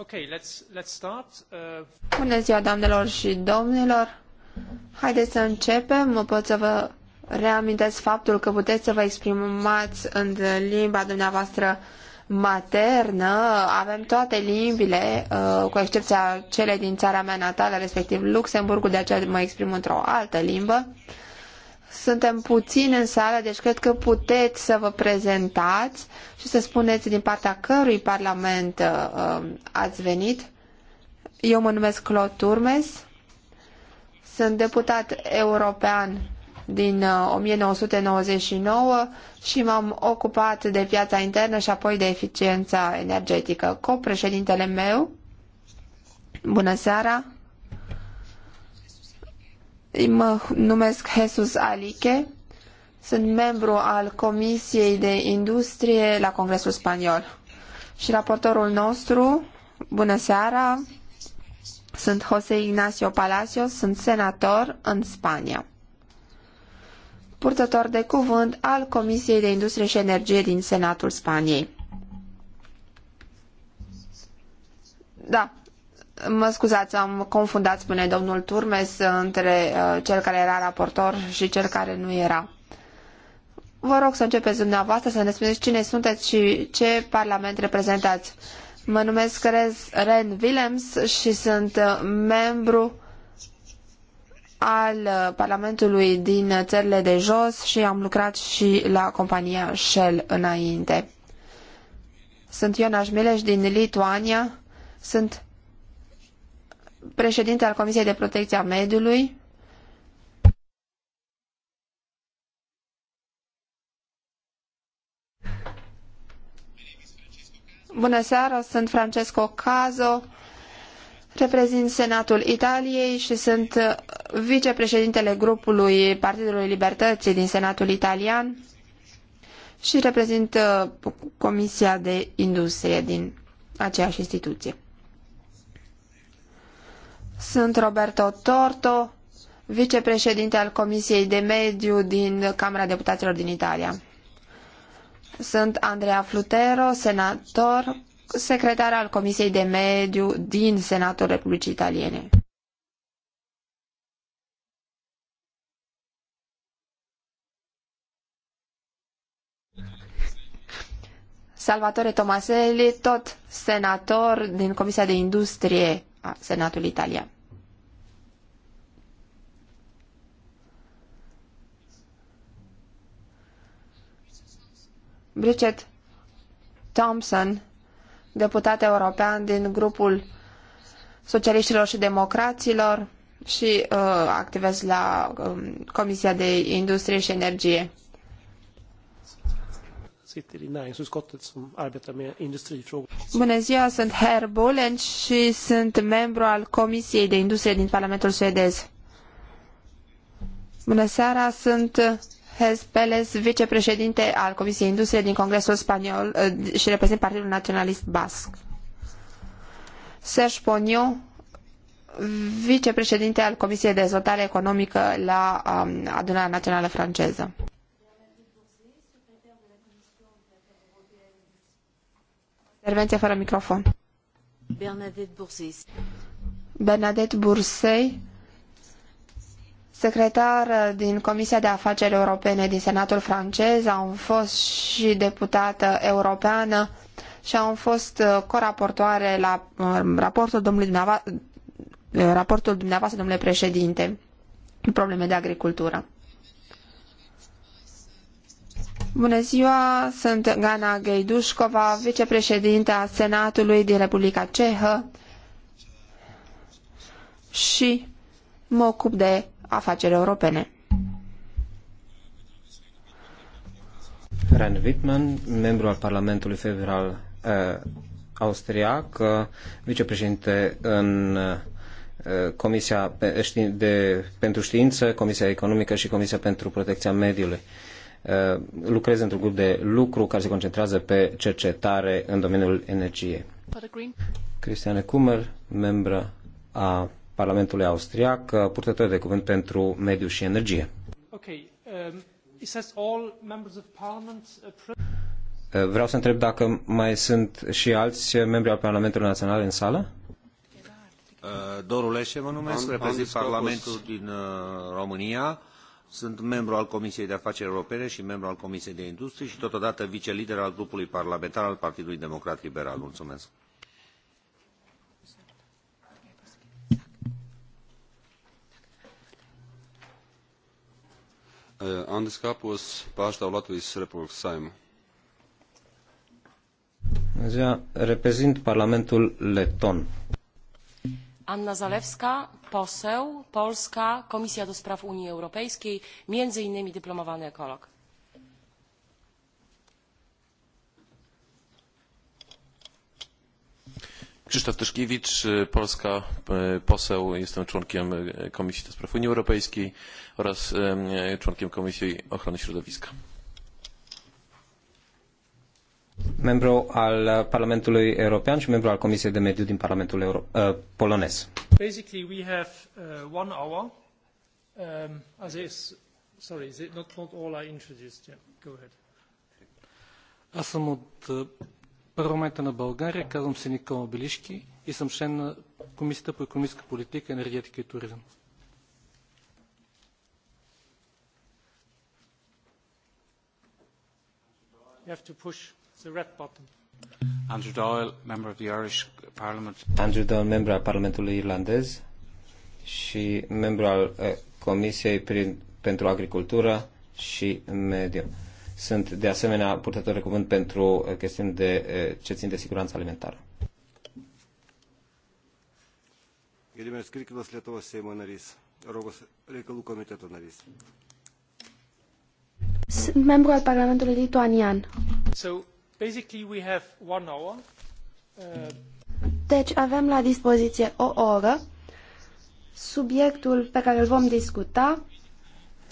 Okay, let's, let's start. Uh... Bună ziua, doamnelor și domnilor! Haideți să începem. Pot să vă reamintesc faptul că puteți să vă exprimați în limba dumneavoastră maternă. Avem toate limbile, uh, cu excepția cele din țara mea natală, respectiv Luxemburgul, de aceea mă exprim într-o altă limbă. Uh, suntem puțini în sală, deci cred că puteți să vă prezentați și să spuneți din partea cărui parlament uh, uh ați venit. Eu mă numesc Claude Turmes, sunt deputat european din 1999 uh, și m-am ocupat de piața internă și apoi de eficiența energetică. Copreședintele meu, bună seara, Mă numesc Jesus Alique, sunt membru al Comisiei de Industrie la Congresul Spaniol. Și raportorul nostru, bună seara, sunt José Ignacio Palacios, sunt senator în Spania. Purtător de cuvânt al Comisiei de Industrie și Energie din Senatul Spaniei. Da, Mă scuzați, am confundat, spune domnul Turmes, între uh, cel care era raportor și cel care nu era. Vă rog să începeți dumneavoastră să ne spuneți cine sunteți și ce parlament reprezentați. Mă numesc Ren Willems și sunt uh, membru al uh, Parlamentului din țările de jos și am lucrat și la compania Shell înainte. Sunt Iona Șmileș din Lituania, sunt președinte al Comisiei de Protecție a Mediului, Bună seara, sunt Francesco Cazo, reprezint Senatul Italiei și sunt vicepreședintele grupului Partidului Libertății din Senatul Italian și reprezint uh, Comisia de Industrie din aceeași instituție. Sunt Roberto Torto, vicepreședinte al Comisiei de Mediu din Camera Deputaților din Italia. Sunt Andrea Flutero, senator, secretar al Comisiei de Mediu din Senatul Republicii Italiene. Salvatore Tomaselli, tot senator din Comisia de Industrie a Senatului Italian. Bridget Thompson, deputat european din grupul socialiștilor și democraților și uh, activez la uh, Comisia de Industrie și Energie sitter i näringsutskottet som arbetar med industrifrågor. Bună ziua, sunt Herr Bolen și sunt membru al Comisiei de Industrie din Parlamentul Suedez. Bună seara, sunt Hes Peles, vicepreședinte al Comisiei Industrie din Congresul Spaniol eh, și reprezint Partidul Naționalist Basc. Serge Poniu, vicepreședinte al Comisiei de Dezvoltare Economică la Adunarea Națională Franceză. Intervenție fără microfon. Bernadette Bursei. Bernadette Bursei, secretar din Comisia de Afaceri Europene din Senatul francez, a fost și deputată europeană și am fost uh, coraportoare la um, raportul dumneavoastră, uh, raportul dumneavoastră, domnule președinte, probleme de agricultură. Bună ziua, sunt Gana Gejdușcova, vicepreședinte a Senatului din Republica Cehă și mă ocup de afaceri europene. Ran Wittmann, membru al Parlamentului Federal uh, Austriac, uh, vicepreședinte în uh, Comisia de, pentru Știință, Comisia Economică și Comisia pentru Protecția Mediului. Uh, Uh, lucrez într-un grup de lucru care se concentrează pe cercetare în domeniul energiei. Cristiane Kummer, membră a Parlamentului Austriac, uh, purtător de cuvânt pentru mediu și energie. Okay. Um, it says all members of parliament uh, Vreau să întreb dacă mai sunt și alți membri al Parlamentului Național în sală? Doru Leșe mă numesc, reprezint Parlamentul din România sunt membru al Comisiei de Afaceri Europene și membru al Comisiei de Industrie și totodată vicelider al grupului parlamentar al Partidului Democrat Liberal. Mulțumesc. Andis Kapos pārstāv Latvijas Republikas Saimu. Reprezint Parlamentul Leton. Anna Zalewska, poseł, Polska, Komisja do Spraw Unii Europejskiej, między innymi dyplomowany ekolog. Krzysztof Tyszkiewicz, Polska, poseł, jestem członkiem Komisji do Spraw Unii Europejskiej oraz członkiem Komisji Ochrony Środowiska membru al Parlamentului European și membru al Comisiei de Mediu din Parlamentul Euro uh, polonez. Basically we have uh, one hour. Um, as is, sorry, is it not, not all I introduced? Yeah, go ahead. Аз съм от парламента на България, казвам се Никола Белишки и съм член на Комисията по економическа политика, енергетика и туризъм. You have to push the red button. Andrew Doyle, member of the Irish Parliament. Andrew Doyle, membru al Parlamentului Irlandez și membru al uh, Comisiei prin, pentru Agricultură și Mediu. Sunt de asemenea purtător de cuvânt pentru uh, chestiuni de, uh, ce țin de siguranță alimentară. Sunt membru al Parlamentului Lituanian. So, deci avem la dispoziție o oră. Subiectul pe care îl vom discuta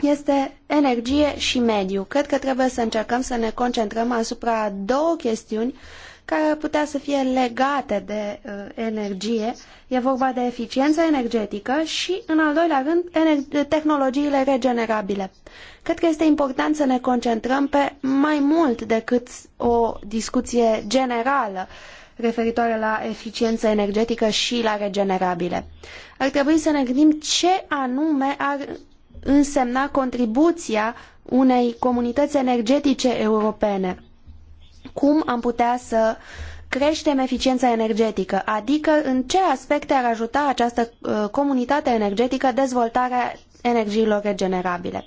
este energie și mediu. Cred că trebuie să încercăm să ne concentrăm asupra două chestiuni care ar putea să fie legate de uh, energie. E vorba de eficiență energetică și, în al doilea rând, tehnologiile regenerabile. Cred că este important să ne concentrăm pe mai mult decât o discuție generală referitoare la eficiență energetică și la regenerabile. Ar trebui să ne gândim ce anume ar însemna contribuția unei comunități energetice europene cum am putea să creștem eficiența energetică, adică în ce aspecte ar ajuta această uh, comunitate energetică dezvoltarea energiilor regenerabile.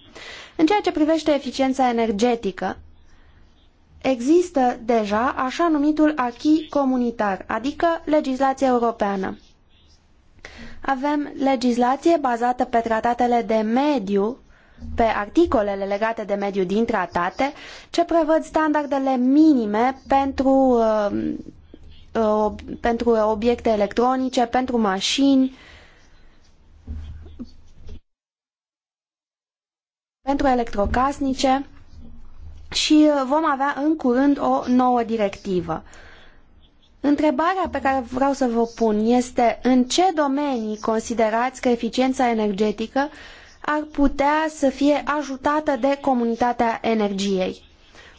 În ceea ce privește eficiența energetică, există deja așa numitul acquis comunitar, adică legislație europeană. Avem legislație bazată pe tratatele de mediu pe articolele legate de mediu din tratate, ce prevăd standardele minime pentru, uh, uh, pentru obiecte electronice, pentru mașini, pentru electrocasnice și uh, vom avea în curând o nouă directivă. Întrebarea pe care vreau să vă pun este în ce domenii considerați că eficiența energetică uh, ar putea să fie ajutată de comunitatea energiei.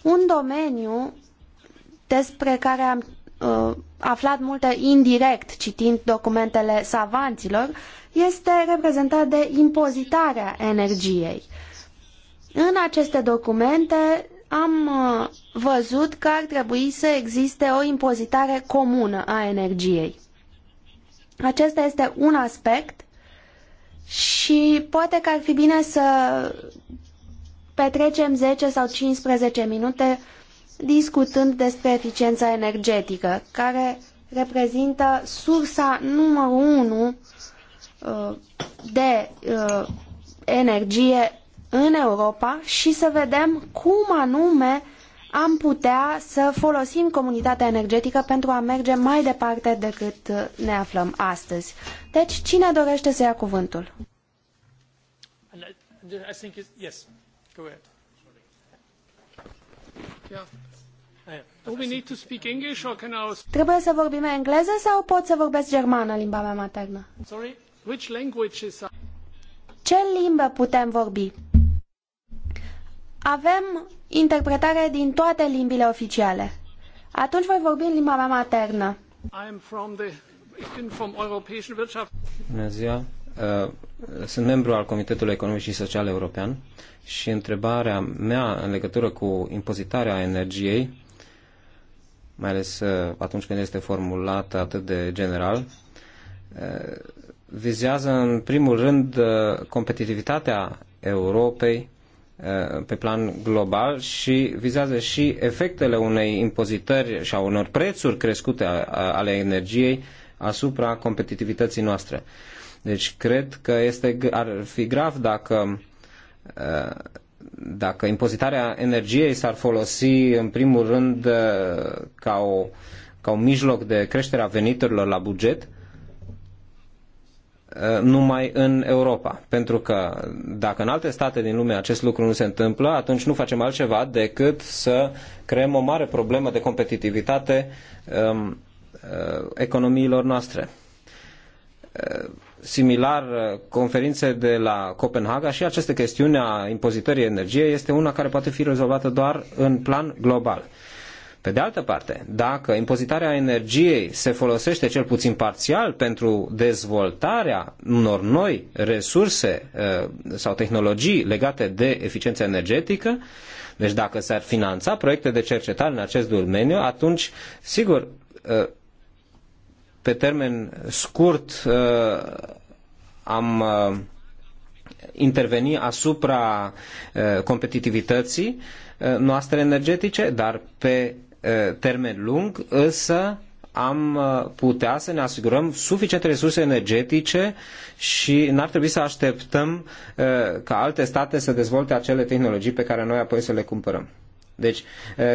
Un domeniu despre care am uh, aflat multe indirect citind documentele savanților este reprezentat de impozitarea energiei. În aceste documente am uh, văzut că ar trebui să existe o impozitare comună a energiei. Acesta este un aspect și poate că ar fi bine să petrecem 10 sau 15 minute discutând despre eficiența energetică, care reprezintă sursa numărul unu uh, de uh, energie în Europa și să vedem cum anume am putea să folosim comunitatea energetică pentru a merge mai departe decât ne aflăm astăzi. Deci, cine dorește să ia cuvântul? Trebuie să vorbim engleză sau pot să vorbesc germană, limba mea maternă? Ce limbă putem vorbi? Avem interpretare din toate limbile oficiale. Atunci voi vorbi în limba mea maternă. Bună ziua! Uh, sunt membru al Comitetului Economic și Social European și întrebarea mea în legătură cu impozitarea energiei, mai ales uh, atunci când este formulată atât de general, uh, vizează în primul rând competitivitatea Europei Uh, pe plan global și vizează și efectele unei impozitări și a unor prețuri crescute ale energiei asupra competitivității noastre. Deci cred că este, ar fi grav dacă, uh, dacă impozitarea energiei s-ar folosi în primul rând uh, ca, o, ca un mijloc de creștere a veniturilor la buget, Uh, numai în Europa. Pentru că dacă în alte state din lume acest lucru nu se întâmplă, atunci nu facem altceva decât să creăm o mare problemă de competitivitate um, uh, economiilor noastre. Uh, similar, conferințe de la Copenhaga și această chestiune a impozitării energiei este una care poate fi rezolvată doar în plan global. Pe de altă parte, dacă impozitarea energiei se folosește cel puțin parțial pentru dezvoltarea unor noi resurse eh, sau tehnologii legate de eficiența energetică, deci dacă s-ar finanța proiecte de cercetare în acest domeniu, atunci, sigur, eh, pe termen scurt eh, am interveni asupra competitivității noastre energetice, dar pe termen lung, însă am putea să ne asigurăm suficiente resurse energetice și n-ar trebui să așteptăm ca alte state să dezvolte acele tehnologii pe care noi apoi să le cumpărăm. Deci,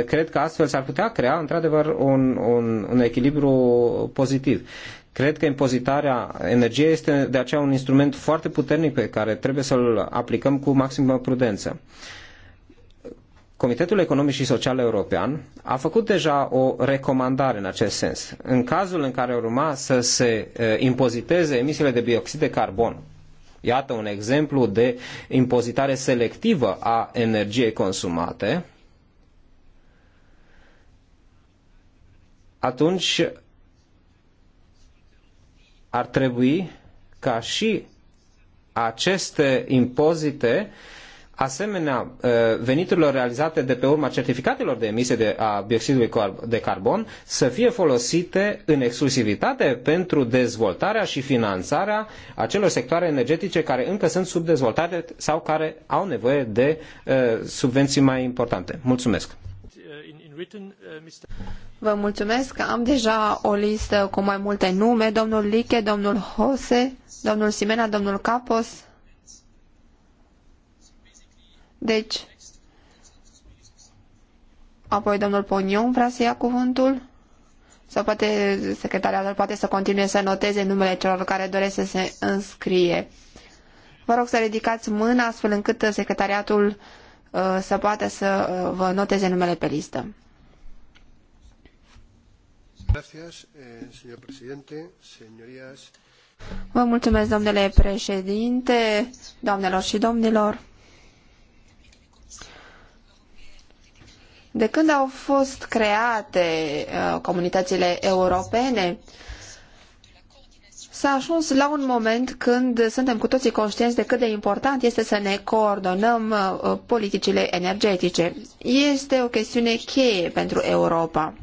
cred că astfel s-ar putea crea, într-adevăr, un, un, un echilibru pozitiv. Cred că impozitarea energiei este de aceea un instrument foarte puternic pe care trebuie să-l aplicăm cu maximă prudență. Uh, Comitetul Economic și Social European a făcut deja o recomandare în acest sens. În cazul în care urma să se impoziteze emisiile de bioxid de carbon, iată un exemplu de impozitare selectivă a energiei consumate, atunci ar trebui ca și aceste impozite uh, Asemenea, uh, veniturilor realizate de pe urma certificatelor de emisie de, a dioxidului de carbon să fie folosite în exclusivitate pentru dezvoltarea și finanțarea acelor sectoare energetice care încă sunt subdezvoltate sau care au nevoie de uh, subvenții mai importante. Mulțumesc! Vă mulțumesc. Am deja o listă cu mai multe nume. Domnul Liche, domnul Hose, domnul Simena, domnul Capos, deci, apoi domnul Ponion vrea să ia cuvântul? Sau poate secretariatul poate să continue să noteze numele celor care doresc să se înscrie. Vă rog să ridicați mâna astfel încât secretariatul uh, să poată să uh, vă noteze numele pe listă. Eh, vă mulțumesc, domnule președinte, doamnelor și domnilor. De când au fost create uh, comunitățile europene, s-a ajuns la un moment când suntem cu toții conștienți de cât de important este să ne coordonăm uh, uh, politicile energetice. Este o chestiune cheie pentru Europa.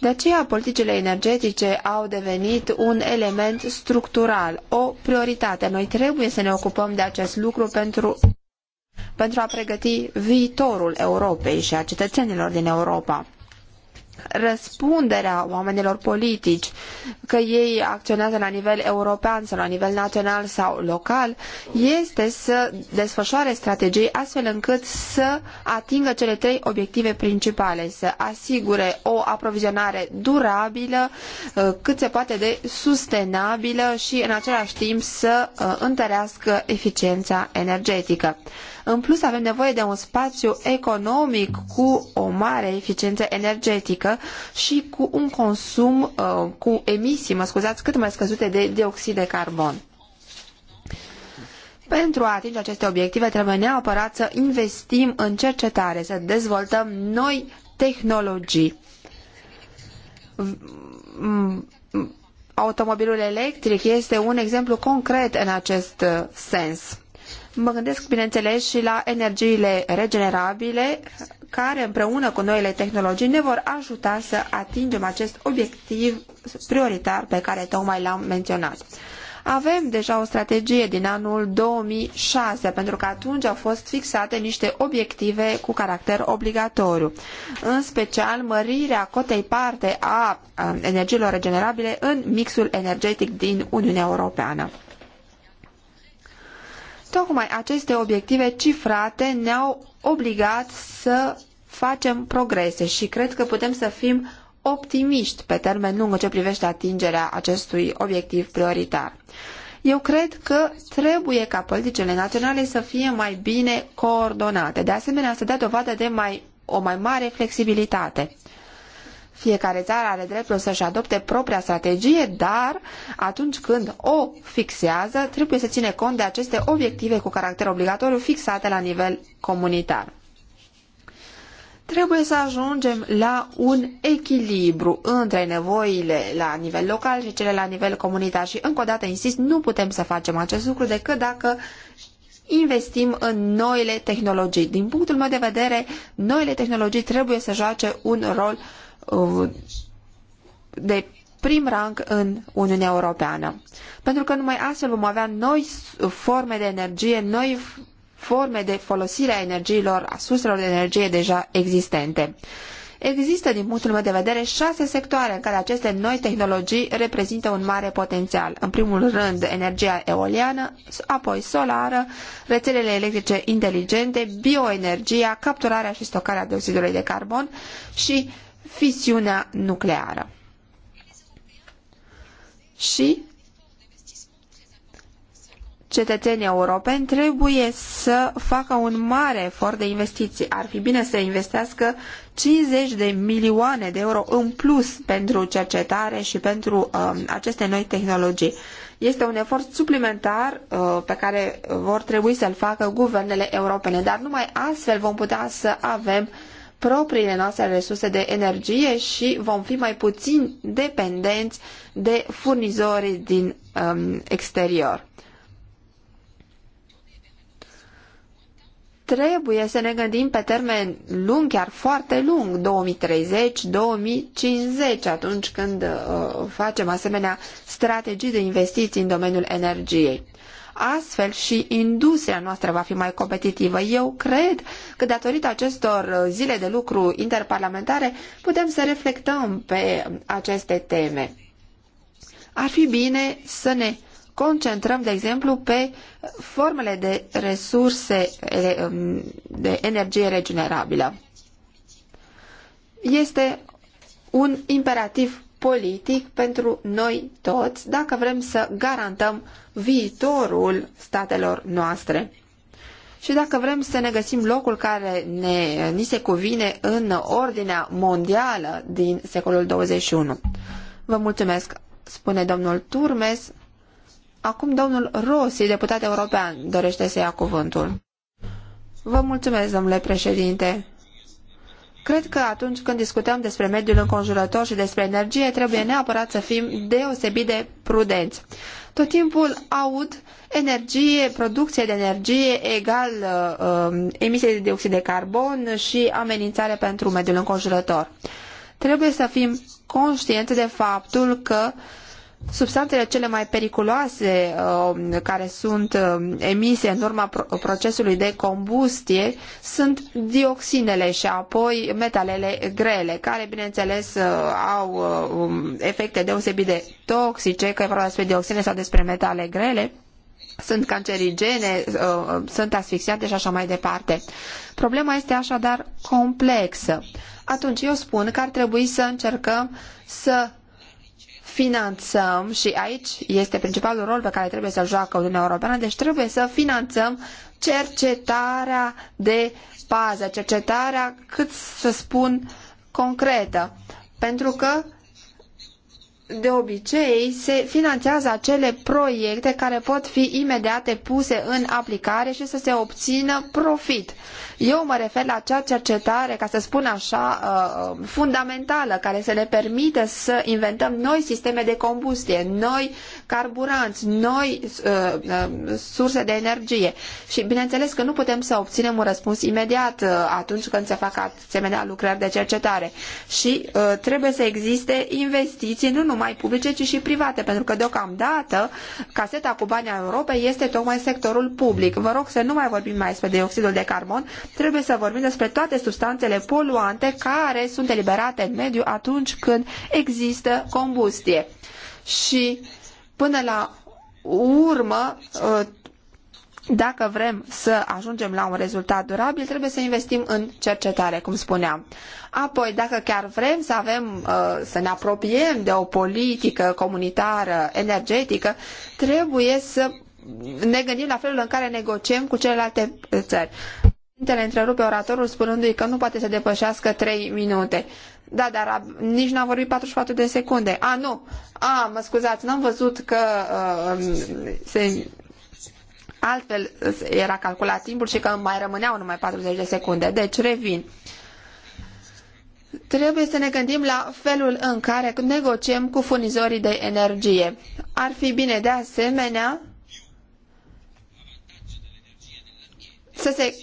De aceea, politicile energetice au devenit un element structural, o prioritate. Noi trebuie să ne ocupăm de acest lucru pentru pentru a pregăti viitorul Europei și a cetățenilor din Europa. Răspunderea oamenilor politici, că ei acționează la nivel european sau la nivel național sau local, este să desfășoare strategii astfel încât să atingă cele trei obiective principale, să asigure o aprovizionare durabilă, uh, cât se poate de sustenabilă și în același timp să uh, întărească eficiența energetică. În plus, avem nevoie de un spațiu economic cu o mare eficiență energetică și cu un consum, uh, cu emisii, mă scuzați, cât mai scăzute de dioxid de carbon. Pentru a atinge aceste obiective trebuie neapărat să investim în cercetare, să dezvoltăm noi tehnologii. Automobilul electric este un exemplu concret în acest uh, sens. Mă gândesc, bineînțeles, și la energiile regenerabile, care împreună cu noile tehnologii ne vor ajuta să atingem acest obiectiv prioritar pe care tocmai l-am menționat. Avem deja o strategie din anul 2006, pentru că atunci au fost fixate niște obiective cu caracter obligatoriu, în special mărirea cotei parte a energiilor regenerabile în mixul energetic din Uniunea Europeană. Tocmai aceste obiective cifrate ne-au obligat să facem progrese și cred că putem să fim optimiști pe termen lung în ce privește atingerea acestui obiectiv prioritar. Eu cred că trebuie ca politicile naționale să fie mai bine coordonate, de asemenea să dea dovadă de mai, o mai mare flexibilitate. Fiecare țară are dreptul să-și adopte propria strategie, dar atunci când o fixează, trebuie să ține cont de aceste obiective cu caracter obligatoriu fixate la nivel comunitar. Trebuie să ajungem la un echilibru între nevoile la nivel local și cele la nivel comunitar și încă o dată insist, nu putem să facem acest lucru decât dacă investim în noile tehnologii. Din punctul meu de vedere, noile tehnologii trebuie să joace un rol Uh, de prim rang în Uniunea Europeană. Pentru că numai astfel vom avea noi forme de energie, noi forme de folosire a energiilor, a surselor de energie deja existente. Există, din punctul meu de vedere, șase sectoare în care aceste noi tehnologii reprezintă un mare potențial. În primul rând, energia eoliană, apoi solară, rețelele electrice inteligente, bioenergia, capturarea și stocarea dioxidului de carbon și fisiunea nucleară. Și cetățenii europeni trebuie să facă un mare efort de investiții. Ar fi bine să investească 50 de milioane de euro în plus pentru cercetare și pentru uh, aceste noi tehnologii. Este un efort suplimentar uh, pe care vor trebui să-l facă guvernele europene, dar numai astfel vom putea să avem uh, propriile noastre resurse de energie și vom fi mai puțin dependenți de furnizorii din um, exterior. Trebuie să ne gândim pe termen lung, chiar foarte lung, 2030-2050, atunci când uh, facem asemenea strategii de investiții în domeniul energiei. Astfel și industria noastră va fi mai competitivă. Eu cred că datorită acestor zile de lucru interparlamentare putem să reflectăm pe aceste teme. Ar fi bine să ne concentrăm, de exemplu, pe formele de resurse um, de energie regenerabilă. Este un imperativ politic pentru noi toți dacă vrem să garantăm viitorul statelor noastre. Și dacă vrem să ne găsim locul care ne, ni se cuvine în ordinea mondială din secolul 21. Vă mulțumesc, spune domnul Turmes. Acum domnul Rossi, deputat european, dorește să ia cuvântul. Vă mulțumesc, domnule președinte. Cred că atunci când discutăm despre mediul înconjurător și despre energie, trebuie neapărat să fim deosebit de prudenți. Tot timpul aud energie, producție de energie egal uh, um, emisie de dioxid de carbon și amenințare pentru mediul înconjurător. Trebuie să fim conștienți de faptul că uh, Substanțele cele mai periculoase uh, care sunt uh, emise în urma procesului de combustie sunt dioxinele și apoi metalele grele, care bineînțeles uh, au um, efecte deosebit de toxice, că e vorba despre dioxine sau despre metale grele sunt cancerigene, sunt asfixiante și așa mai departe. Problema este așadar complexă. Atunci eu spun că ar trebui să încercăm să finanțăm și aici este principalul rol pe care trebuie să-l joacă Uniunea Europeană, deci trebuie să finanțăm cercetarea de bază, cercetarea, cât să spun, concretă. Pentru că de obicei se finanțează acele proiecte care pot fi imediat puse în aplicare și să se obțină profit. Eu mă refer la acea cercetare, ca să spun așa, uh, fundamentală, care să ne permită să inventăm noi sisteme de combustie, noi carburanți, noi uh, uh, surse de energie. Și bineînțeles că nu putem să obținem un răspuns imediat atunci când se fac asemenea lucrări de cercetare. Și trebuie să existe investiții, nu numai numai publice, ci și private, pentru că deocamdată caseta cu banii a Europei este tocmai sectorul public. Vă rog să nu mai vorbim mai despre dioxidul de carbon, trebuie să vorbim despre toate substanțele poluante care sunt eliberate în mediu atunci când există combustie. Și până la urmă ă, dacă vrem să ajungem la un rezultat durabil, trebuie să investim în cercetare, cum spuneam. Apoi, dacă chiar vrem să avem, uh, să ne apropiem de o politică comunitară energetică, trebuie să ne gândim la felul în care negociem cu celelalte uh, țări. Președintele întrerupe oratorul spunându-i că nu poate să depășească 3 minute. Da, dar nici n-am vorbit 44 de secunde. A, nu. A, mă scuzați, n-am văzut că uh, se altfel era calculat timpul și că mai rămâneau numai 40 de secunde. Deci, revin. Trebuie să ne gândim la felul în care negociem cu furnizorii de energie. Ar fi bine de asemenea să se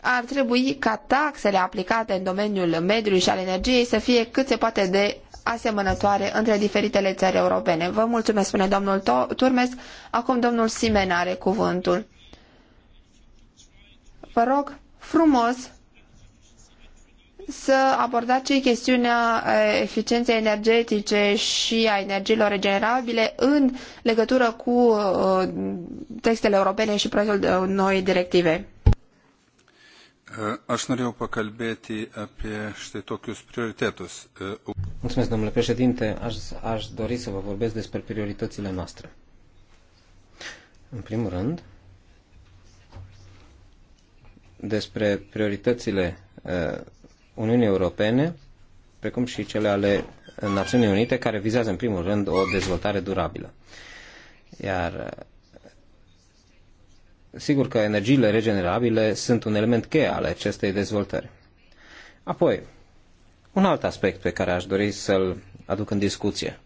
ar trebui ca taxele aplicate în domeniul mediului și al energiei să fie cât se poate de asemănătoare între diferitele țări europene. Vă mulțumesc, spune domnul Turmes. Acum domnul Simen are cuvântul. Vă rog frumos să abordați și chestiunea eficienței energetice și a energiilor regenerabile în legătură cu textele europene și proiectul noi directive. Aș norėjau pakalbėti apie ștai tokius prioritetus. Mulțumesc, domnule președinte. Aș, aș dori să vă vorbesc despre prioritățile noastre. În primul rând, despre prioritățile ă, Uniunii Europene, precum și cele ale Națiunii Unite, care vizează, în primul rând, o dezvoltare durabilă. Iar sigur că energiile regenerabile sunt un element cheie al acestei dezvoltări. Apoi, un alt aspect pe care aș dori să-l aduc în discuție.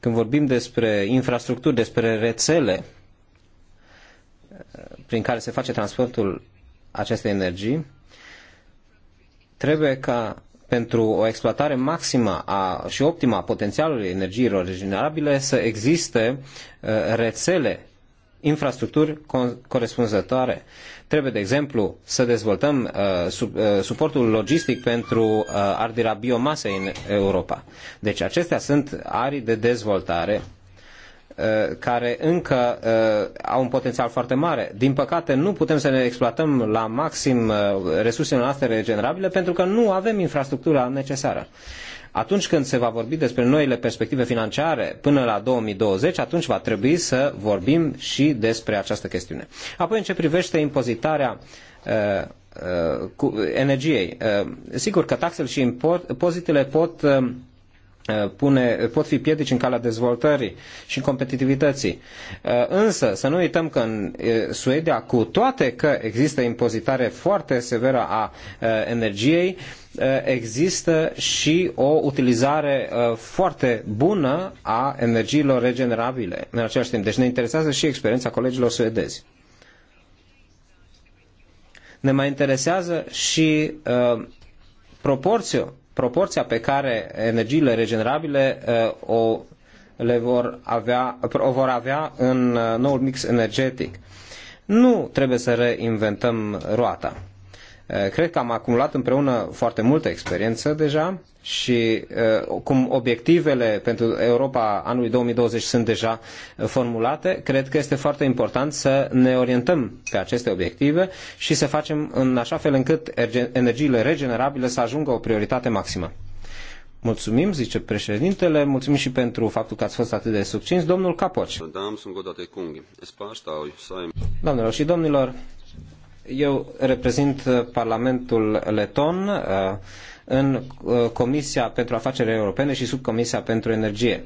Când vorbim despre infrastructuri, despre rețele eh, prin care se face transportul acestei energii, trebuie ca pentru o exploatare maximă a, și optimă a potențialului energiilor regenerabile să existe eh, rețele infrastructuri corespunzătoare. Trebuie, de exemplu, să dezvoltăm uh, sub, uh, suportul logistic pentru uh, arderea biomasei în Europa. Deci acestea sunt arii de dezvoltare uh, care încă uh, au un potențial foarte mare. Din păcate, nu putem să ne exploatăm la maxim uh, resursele noastre regenerabile pentru că nu avem infrastructura necesară. Atunci când se va vorbi despre noile perspective financiare până la 2020, atunci va trebui să vorbim și despre această chestiune. Apoi, în ce privește impozitarea uh, uh, cu energiei, uh, sigur că taxele și impozitele pot uh, Uh, pune, pot fi piedici în calea dezvoltării și competitivității. Uh, însă, să nu uităm că în uh, Suedia, cu toate că există impozitare foarte severă a energiei, există și o utilizare foarte bună a energiilor regenerabile în același timp. Deci ne interesează și experiența colegilor suedezi. Ne mai interesează și uh, proporția proporția pe care energiile regenerabile uh, o le vor avea, o vor avea în uh, noul mix energetic. Nu trebuie să reinventăm roata. Eh, cred că am acumulat împreună foarte multă experiență deja și eh, cum obiectivele pentru Europa anului 2020 sunt deja eh, formulate, cred că este foarte important să ne orientăm pe aceste obiective și să facem în așa fel încât energiile regenerabile să ajungă o prioritate maximă. Mulțumim, zice președintele, mulțumim și pentru faptul că ați fost atât de succinți. Domnul Capoci. Doamnelor și domnilor, eu reprezint uh, Parlamentul Leton uh, în uh, Comisia pentru Afaceri Europene și Subcomisia pentru Energie.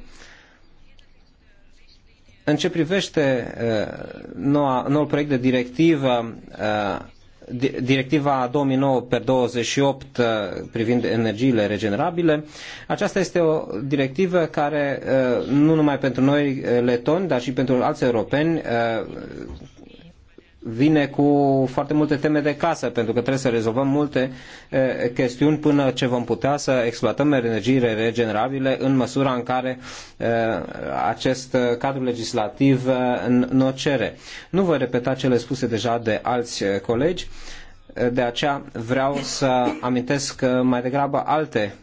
În ce privește noua, noul proiect de directivă, directiva 2009 per 28 privind energiile regenerabile, aceasta este o directivă care nu numai pentru noi letoni, dar și pentru alți europeni vine cu foarte multe teme de casă, pentru că trebuie să rezolvăm multe e, chestiuni până ce vom putea să exploatăm energiile regenerabile în măsura în care e, acest cadru legislativ ne cere. Nu voi repeta cele spuse deja de alți colegi, de aceea vreau să amintesc mai degrabă alte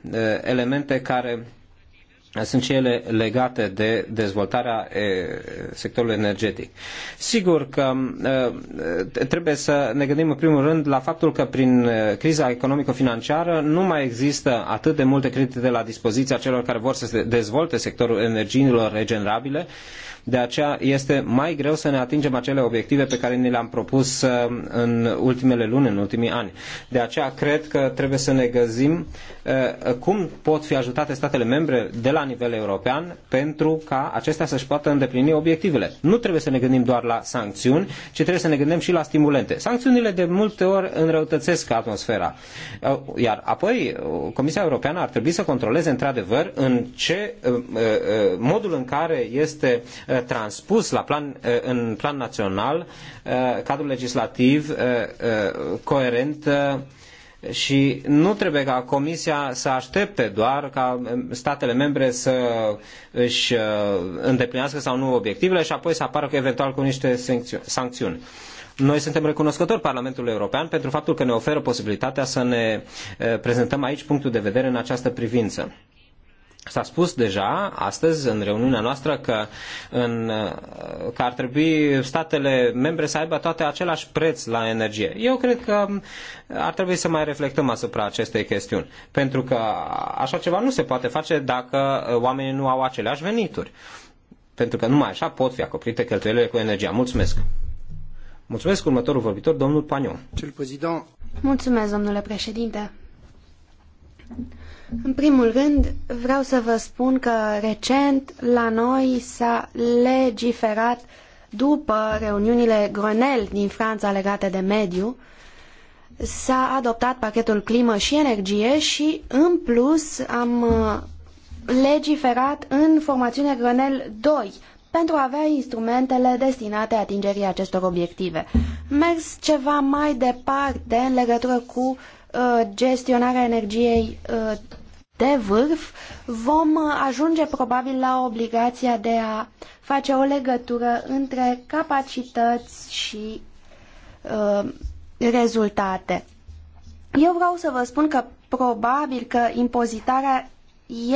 elemente care sunt cele legate de dezvoltarea sectorului energetic. Sigur că trebuie să ne gândim în primul rând la faptul că prin criza economico-financiară nu mai există atât de multe credite la dispoziția celor care vor să dezvolte sectorul energiilor regenerabile, de aceea este mai greu să ne atingem acele obiective pe care ni le-am propus uh, în ultimele luni, în ultimii ani. De aceea cred că trebuie să ne găzim uh, cum pot fi ajutate statele membre de la nivel european pentru ca acestea să-și poată îndeplini obiectivele. Nu trebuie să ne gândim doar la sancțiuni, ci trebuie să ne gândim și la stimulente. Sancțiunile de multe ori înrăutățesc atmosfera. Uh, iar apoi Comisia Europeană ar trebui să controleze într-adevăr în ce modul în care este Uh, transpus la plan, uh, în plan național uh, cadrul legislativ coerent și nu trebuie ca Comisia să aștepte doar ca um, statele membre să își îndeplinească sau nu obiectivele și apoi să apară eventual cu niște sancțiuni. Noi suntem recunoscători Parlamentului European pentru faptul că ne oferă posibilitatea să ne prezentăm aici punctul de vedere în această privință. S-a spus deja astăzi în reuniunea noastră că, în, că ar trebui statele membre să aibă toate același preț la energie. Eu cred că ar trebui să mai reflectăm asupra acestei chestiuni, pentru că așa ceva nu se poate face dacă oamenii nu au aceleași venituri. Pentru că numai așa pot fi acoperite cheltuielile cu energia. Mulțumesc! Mulțumesc următorul vorbitor, domnul Panion. Mulțumesc, domnule președinte. În primul rând, vreau să vă spun că recent la noi s-a legiferat după reuniunile Grenel din Franța legate de mediu, s-a adoptat pachetul climă și energie și în plus am uh, legiferat în formațiune Grenel 2 pentru a avea instrumentele destinate atingerii acestor obiective. Mers ceva mai departe în legătură cu Uh, gestionarea energiei uh, de vârf, vom ajunge probabil la obligația de a face o legătură între capacități și uh, rezultate. Eu vreau să vă spun că probabil că impozitarea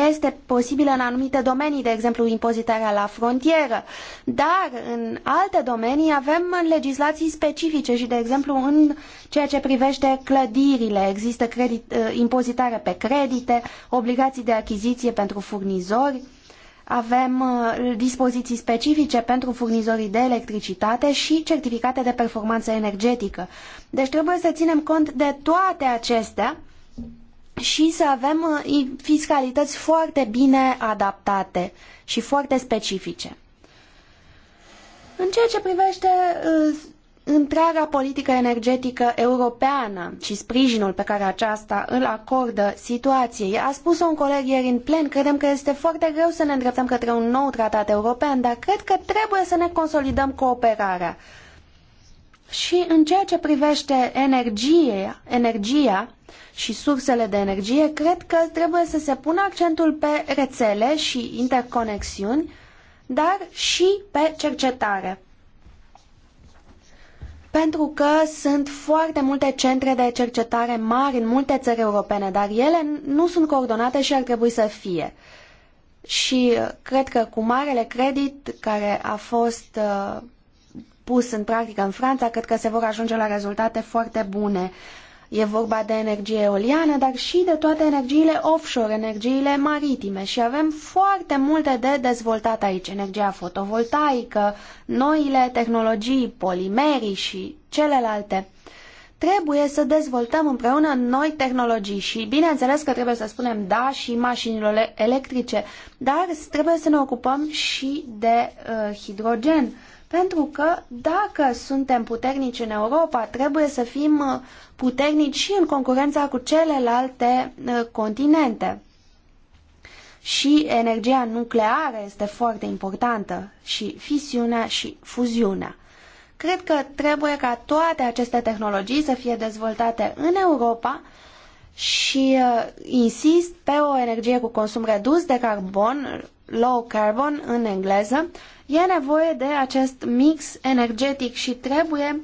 este posibilă în anumite domenii, de exemplu impozitarea la frontieră, dar în alte domenii avem legislații specifice și, de exemplu, în ceea ce privește clădirile, există credit, eh, impozitare pe credite, obligații de achiziție pentru furnizori, avem eh, dispoziții specifice pentru furnizorii de electricitate și certificate de performanță energetică. Deci trebuie să ținem cont de toate acestea și să avem uh, fiscalități foarte bine adaptate și foarte specifice. În ceea ce privește uh, întreaga politică energetică europeană și sprijinul pe care aceasta îl acordă situației. A spus-o un coleg ieri în plen, credem că este foarte greu să ne îndreptăm către un nou tratat european, dar cred că trebuie să ne consolidăm cooperarea. Și în ceea ce privește energie, energia și sursele de energie, cred că trebuie să se pună accentul pe rețele și interconexiuni, dar și pe cercetare. Pentru că sunt foarte multe centre de cercetare mari în multe țări europene, dar ele nu sunt coordonate și ar trebui să fie. Și uh, cred că cu marele credit care a fost uh, pus în practică în Franța, cred că se vor ajunge la rezultate foarte bune. E vorba de energie eoliană, dar și de toate energiile offshore, energiile maritime și avem foarte multe de dezvoltat aici. Energia fotovoltaică, noile tehnologii, polimerii și celelalte. Trebuie să dezvoltăm împreună noi tehnologii și bineînțeles că trebuie să spunem da și mașinilor electrice, dar trebuie să ne ocupăm și de uh, hidrogen pentru că dacă suntem puternici în Europa, trebuie să fim uh, puternici și în concurența cu celelalte uh, continente. Și energia nucleară este foarte importantă, și fisiunea și fuziunea. Cred că trebuie ca toate aceste tehnologii să fie dezvoltate în Europa și uh, insist pe o energie cu consum redus de carbon, low carbon în engleză, E nevoie de acest mix energetic și trebuie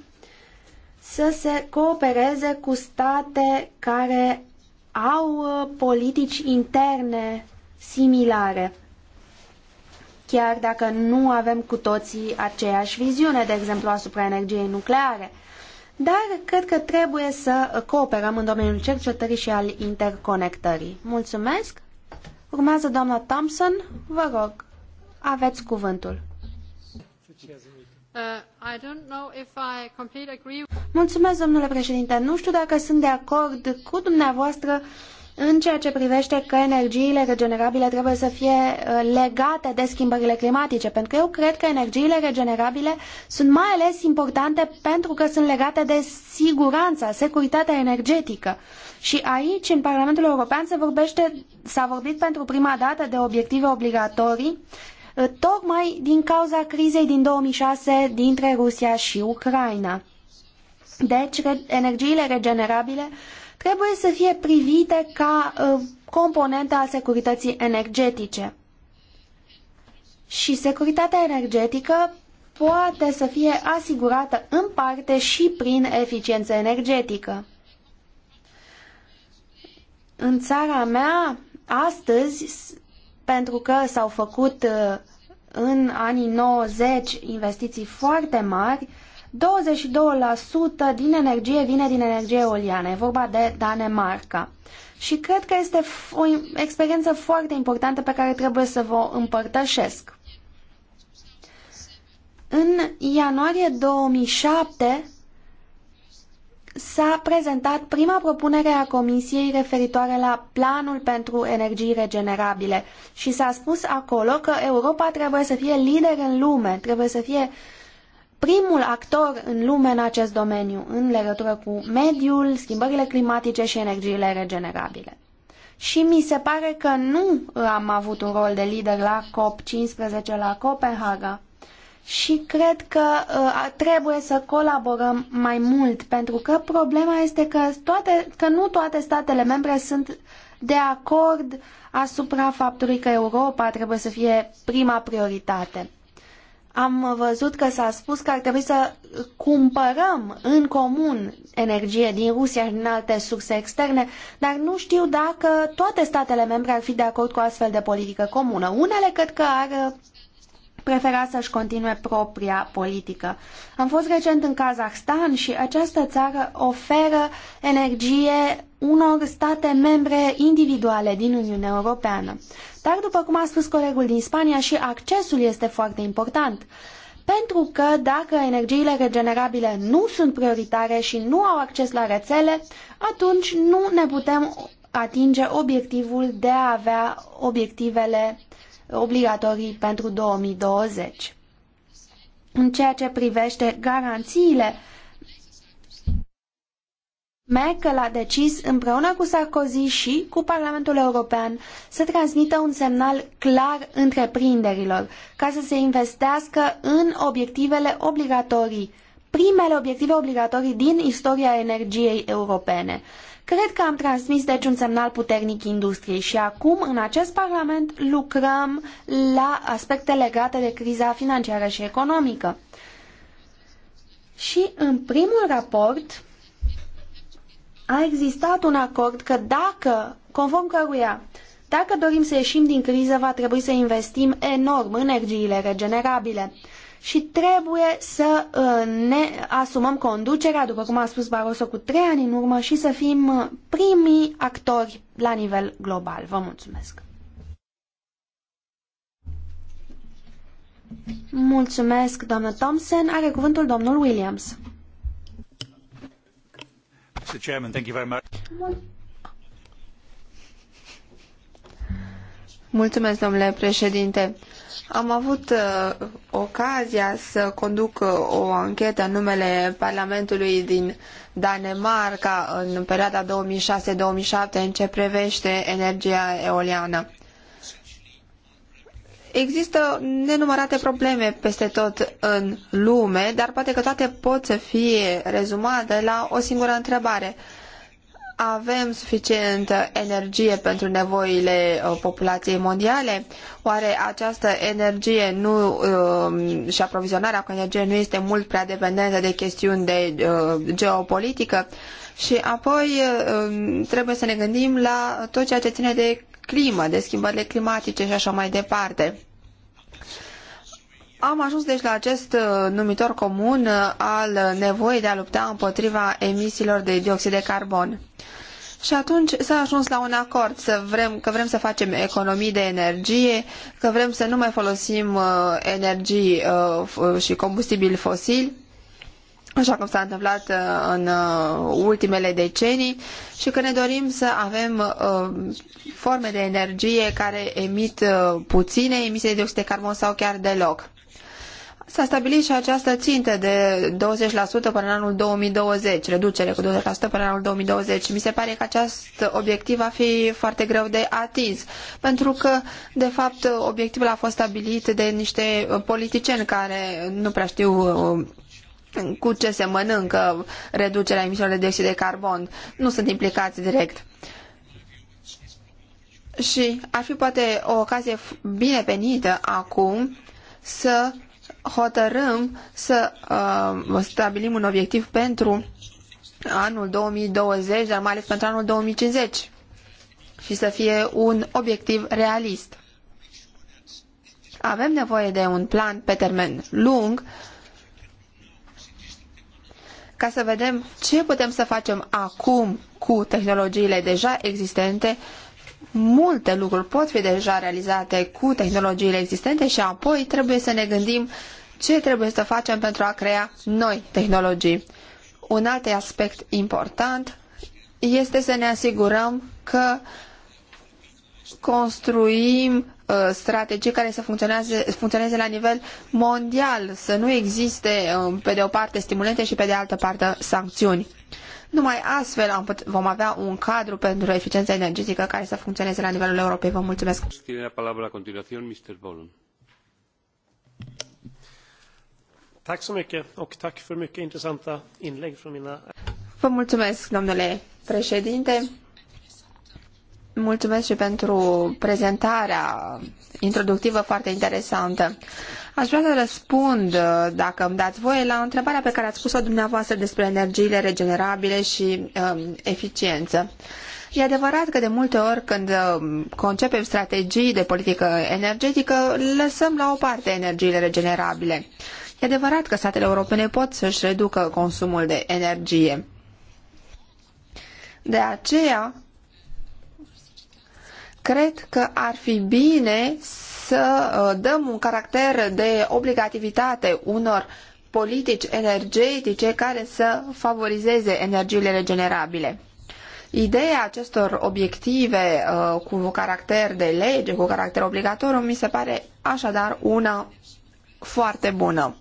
să se coopereze cu state care au uh, politici interne similare. Chiar dacă nu avem cu toții aceeași viziune, de exemplu, asupra energiei nucleare. Dar cred că trebuie să cooperăm în domeniul cercetării și al interconectării. Mulțumesc! Urmează doamna Thompson, vă rog, aveți cuvântul. Uh, Mulțumesc, domnule președinte. Nu știu dacă sunt de acord cu dumneavoastră în ceea ce privește că energiile regenerabile trebuie să fie uh, legate de schimbările climatice, pentru că eu cred că energiile regenerabile sunt mai ales importante pentru că sunt legate de siguranța, securitatea energetică. Și aici, în Parlamentul European, se vorbește, s-a vorbit pentru prima dată de obiective obligatorii Eh, tocmai din cauza crizei din 2006 dintre Rusia și Ucraina. Deci, energiile regenerabile trebuie să fie privite ca eh, componentă a securității energetice. Și securitatea energetică poate să fie asigurată în parte și prin eficiență energetică. În țara mea, astăzi, pentru că s-au făcut uh, în anii 90 investiții foarte mari, 22% din energie vine din energie eoliană, e vorba de Danemarca. Și cred că este o experiență foarte importantă pe care trebuie să vă împărtășesc. În ianuarie 2007 s-a prezentat prima propunere a Comisiei referitoare la planul pentru energii regenerabile și s-a spus acolo că Europa trebuie să fie lider în lume, trebuie să fie primul actor în lume în acest domeniu, în legătură cu mediul, schimbările climatice și energiile regenerabile. Și mi se pare că nu am avut un rol de lider la COP15 la Copenhaga și cred că uh, trebuie să colaborăm mai mult, pentru că problema este că, toate, că nu toate statele membre sunt de acord asupra faptului că Europa trebuie să fie prima prioritate. Am văzut că s-a spus că ar trebui să cumpărăm în comun energie din Rusia și din alte surse externe, dar nu știu dacă toate statele membre ar fi de acord cu astfel de politică comună. Unele cred că ar prefera să-și continue propria politică. Am fost recent în Kazahstan și această țară oferă energie unor state membre individuale din Uniunea Europeană. Dar, după cum a spus colegul din Spania, și accesul este foarte important pentru că dacă energiile regenerabile nu sunt prioritare și nu au acces la rețele, atunci nu ne putem atinge obiectivul de a avea obiectivele obligatorii pentru 2020. În ceea ce privește garanțiile, Merkel a decis împreună cu Sarkozy și cu Parlamentul European să transmită un semnal clar întreprinderilor ca să se investească în obiectivele obligatorii, primele obiective obligatorii din istoria energiei europene. Cred că am transmis deci un semnal puternic industriei și acum în acest Parlament lucrăm la aspecte legate de criza financiară și economică. Și în primul raport a existat un acord că dacă, conform căruia, dacă dorim să ieșim din criză, va trebui să investim enorm în energiile regenerabile și trebuie să uh, ne asumăm conducerea, după cum a spus Barroso cu trei ani în urmă, și să fim uh, primii actori la nivel global. Vă mulțumesc! Mulțumesc, doamnă Thompson. Are cuvântul domnul Williams. Mr. Chairman, thank you very much. Mulțumesc, domnule președinte. Am avut uh, ocazia să conduc uh, o anchetă în numele Parlamentului din Danemarca în perioada 2006-2007 în ce privește energia eoliană. Există nenumărate probleme peste tot în lume, dar poate că toate pot să fie rezumate la o singură întrebare avem suficientă energie pentru nevoile uh, populației mondiale? Oare această energie nu um, și aprovizionarea cu energie nu este mult prea dependentă de chestiuni de uh, geopolitică? Și apoi um, trebuie să ne gândim la tot ceea ce ține de climă, de schimbările climatice și așa mai departe. Am ajuns deci la acest uh, numitor comun uh, al nevoii de a lupta împotriva emisiilor de dioxid de carbon. Și atunci s-a ajuns la un acord să vrem, că vrem să facem economii de energie, că vrem să nu mai folosim uh, energii și combustibili fosili, așa cum s-a întâmplat în ultimele decenii și că ne dorim să avem forme de energie care emit puține emisii de dioxid de carbon sau chiar deloc. S-a stabilit și această țintă de 20% până în anul 2020, reducere cu 20% până în anul 2020. Mi se pare că acest obiectiv va fi foarte greu de atins, pentru că, de fapt, obiectivul a fost stabilit de niște politicieni care nu prea știu uh, cu ce se mănâncă reducerea emisiilor de dioxid de carbon. Nu sunt implicați direct. Și ar fi poate o ocazie binevenită acum să hotărâm să uh, stabilim un obiectiv pentru anul 2020, dar mai ales pentru anul 2050 și să fie un obiectiv realist. Avem nevoie de un plan pe termen lung ca să vedem ce putem să facem acum cu tehnologiile deja existente multe lucruri pot fi deja realizate cu tehnologiile existente și apoi trebuie să ne gândim ce trebuie să facem pentru a crea noi tehnologii. Un alt aspect important este să ne asigurăm că construim uh, strategii care să funcționeze, funcționeze la nivel mondial, să nu existe um, pe de o parte stimulente și pe de altă parte sancțiuni. Numai astfel am put- vom avea un cadru pentru eficiența energetică care să funcționeze la nivelul Europei. Vă mulțumesc. Tiene la Vă mulțumesc, domnule președinte. Mulțumesc și pentru prezentarea introductivă foarte interesantă. Aș vrea să răspund, uh, dacă îmi dați voie, la întrebarea pe care ați pus-o dumneavoastră despre energiile regenerabile și um, eficiență. E adevărat că de multe ori când um, concepem strategii de politică energetică, lăsăm la o parte energiile regenerabile. E adevărat că statele europene pot să-și reducă consumul de energie. De aceea, cred că ar fi bine să uh, dăm un caracter de obligativitate unor politici energetice care să favorizeze energiile regenerabile. Ideea acestor obiective uh, cu caracter de lege, cu caracter obligatoriu, mi se pare așadar una foarte bună.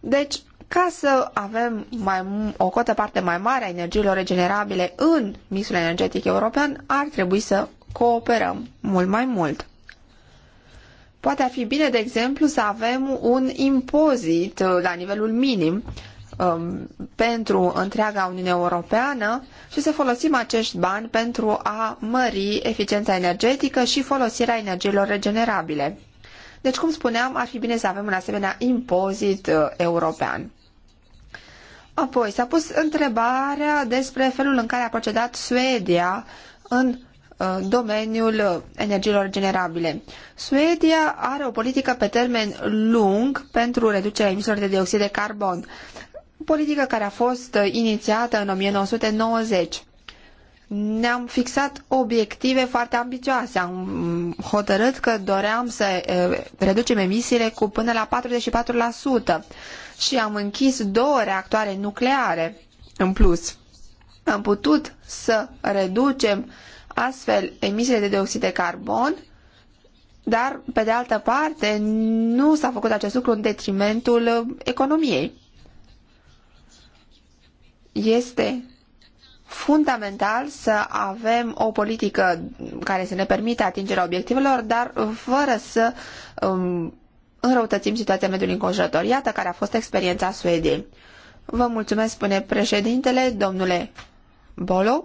Deci, ca să avem mai, o cotă parte mai mare a energiilor regenerabile în mixul energetic european, ar trebui să cooperăm mult mai mult. Poate ar fi bine, de exemplu, să avem un impozit uh, la nivelul minim um, pentru întreaga Uniune Europeană și să folosim acești bani pentru a mări eficiența energetică și folosirea energiilor regenerabile. Deci, cum spuneam, ar fi bine să avem un asemenea impozit uh, european. Apoi, s-a pus întrebarea despre felul în care a procedat Suedia în Uh, domeniul uh, energiilor generabile. Suedia are o politică pe termen lung pentru reducerea emisiilor de dioxid de carbon, politică care a fost uh, inițiată în 1990. Ne-am fixat obiective foarte ambițioase. Am mm, hotărât că doream să reducem emisiile cu până la 44% și am închis două reactoare nucleare în plus. Am putut să reducem astfel emisiile de dioxid de carbon, dar, pe de altă parte, nu s-a făcut acest lucru în detrimentul economiei. Este fundamental să avem o politică care să ne permită atingerea obiectivelor, dar fără să um, înrăutățim situația mediului înconjurător. Iată care a fost experiența Suediei. Vă mulțumesc, spune președintele, domnule Bolo.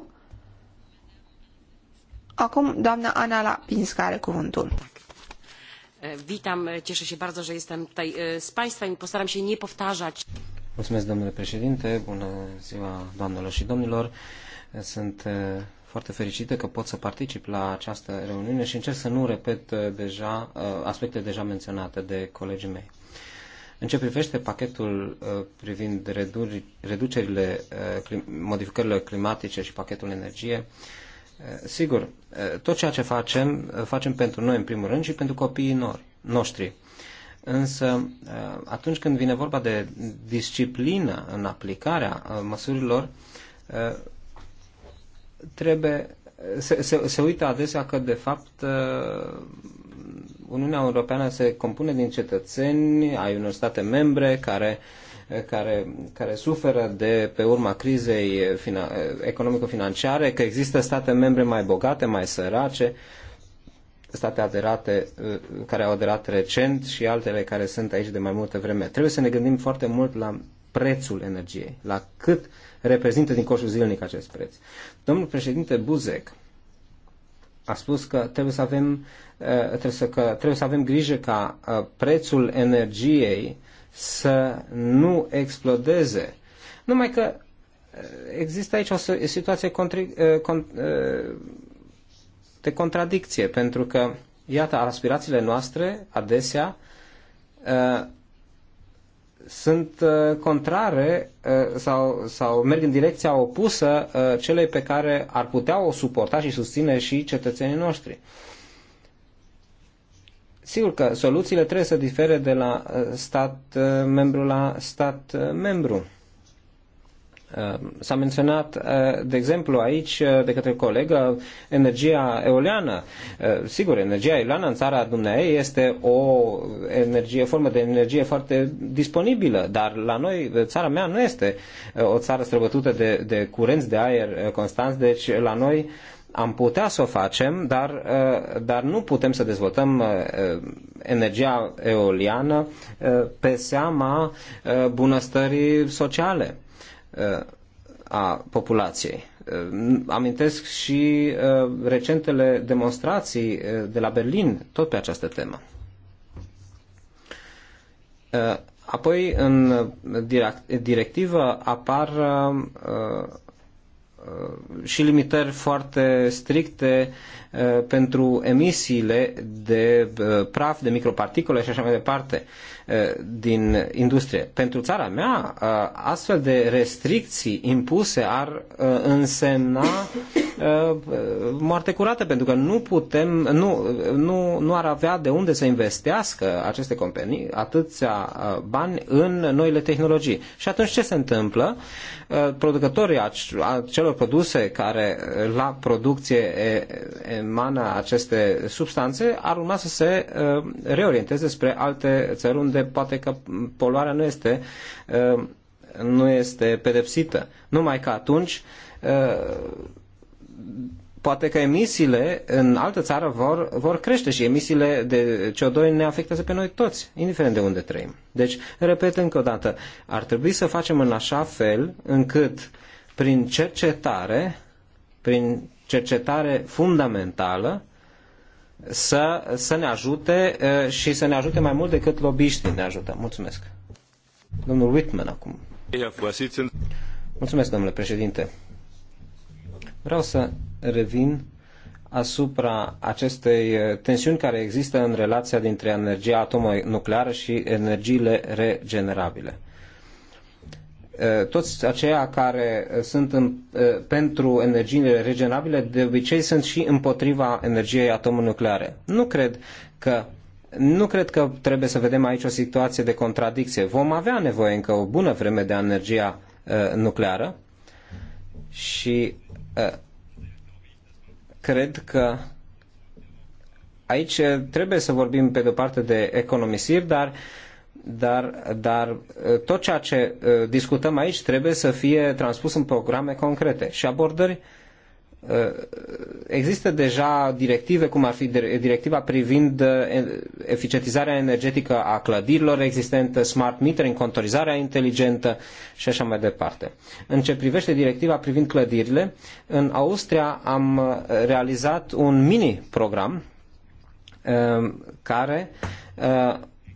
Acum doamna Ana Lapinska are cuvântul. Witam, cieszę się bardzo, że jestem tutaj z Państwem i postaram się nie powtarzać. Mulțumesc, domnule președinte, bună ziua, doamnelor și domnilor. Sunt foarte fericită că pot să particip la această reuniune și încerc să nu repet deja aspecte deja menționate de colegii mei. În ce privește pachetul privind reducerile, modificările climatice și pachetul energie, Eh, sigur, eh, tot ceea ce facem, eh, facem pentru noi în primul rând și pentru copiii noștri. Însă, atunci când vine vorba de disciplină în aplicarea măsurilor, trebuie, se, se, se uită adesea că, de fapt, Uniunea Europeană se compune din cetățeni ai unor state membre care uh, care, care suferă de pe urma crizei economico-financiare, că există state membre mai bogate, mai sărace, state aderate, uh, care au aderat recent și altele care sunt aici de mai multă vreme. Trebuie să ne gândim foarte mult la prețul energiei, la cât reprezintă din coșul zilnic acest preț. Domnul președinte Buzek a spus că trebuie să avem, uh, trebuie să, că trebuie să avem grijă ca uh, prețul energiei să nu explodeze. Numai că eh, există aici o situație eh, eh, de contradicție, pentru că, iată, aspirațiile noastre, adesea, sunt contrare sau, sau merg în direcția opusă celei pe care ar putea o suporta și susține și cetățenii noștri. Sigur că soluțiile trebuie să difere de la uh, stat uh, membru la stat uh, membru. S-a menționat, de exemplu, aici, de către colegă, energia eoliană. Sigur, energia eoliană în țara dumneavoastră este o energie, formă de energie foarte disponibilă, dar la noi, țara mea nu este o țară străbătută de, de curenți de aer constant, deci la noi am putea să o facem, dar, uh, dar nu putem să dezvoltăm uh, energia eoliană uh, pe seama bunăstării sociale a populației. Amintesc și recentele demonstrații de la Berlin, tot pe această temă. Apoi, în directivă apar Uh, și limitări foarte stricte uh, pentru emisiile de uh, praf, de microparticule și așa mai departe din industrie. Pentru țara mea, astfel de restricții impuse ar însemna Uh, moarte curată, pentru că nu putem, nu, nu, nu ar avea de unde să investească aceste companii atâția uh, bani în noile tehnologii. Și atunci ce se întâmplă? Uh, producătorii acelor produse care la producție emană aceste substanțe ar urma să se reorienteze spre alte țări unde poate că poluarea nu este nu este pedepsită. Numai că atunci poate că emisiile în altă țară vor, vor crește și emisiile de CO2 ne afectează pe noi toți, indiferent de unde trăim. Deci, repet încă o dată, ar trebui să facem în așa fel încât prin cercetare, prin cercetare fundamentală, să, să ne ajute și să ne ajute mai mult decât lobiștii ne ajută. Mulțumesc. Domnul Whitman acum. Mulțumesc, domnule președinte. Vreau să revin asupra acestei uh, tensiuni care există în relația dintre energia atomo-nucleară și energiile regenerabile. Uh, toți aceia care uh, sunt în, pentru energiile regenerabile de obicei sunt și împotriva energiei atomo-nucleare. Nu cred că nu cred că trebuie să vedem aici o situație de contradicție. Vom avea nevoie încă o bună vreme de energia nucleară și Uh, cred că aici trebuie să vorbim pe de-o parte de economisiri, dar, dar, dar uh, tot ceea ce uh, discutăm aici trebuie să fie transpus în programe concrete și abordări uh, Uh, există deja directive, cum ar fi directiva privind uh, eficientizarea energetică a clădirilor existente, smart metering, contorizarea inteligentă și așa mai departe. În ce privește directiva privind clădirile, în Austria am uh, realizat un mini-program care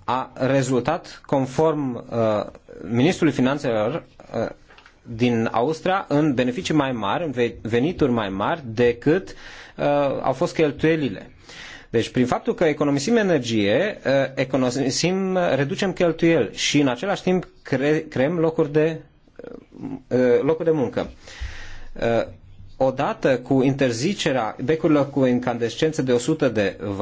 a rezultat, conform Ministrului Finanțelor din Austria în beneficii mai mari, în venituri mai mari decât uh, au fost cheltuielile. Deci, prin faptul că economisim energie, uh, economisim, reducem cheltuieli și, în același timp, cre- creăm locuri de, uh, uh locuri de muncă. Uh, odată cu interzicerea becurilor cu incandescență de 100 de W,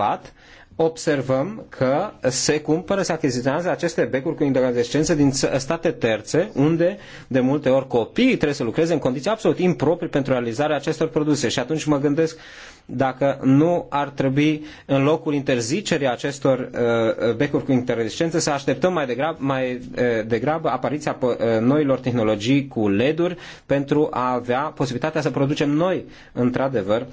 observăm că se cumpără, se achiziționează aceste becuri cu indolescență din state terțe, unde de multe ori copiii trebuie să lucreze în condiții absolut improprii pentru realizarea acestor produse. Și atunci mă gândesc dacă nu ar trebui în locul interzicerii acestor uh, becuri cu indolescență să așteptăm mai degrabă, mai uh, degrabă apariția uh, noilor tehnologii cu LED-uri pentru a avea posibilitatea să producem noi, într-adevăr,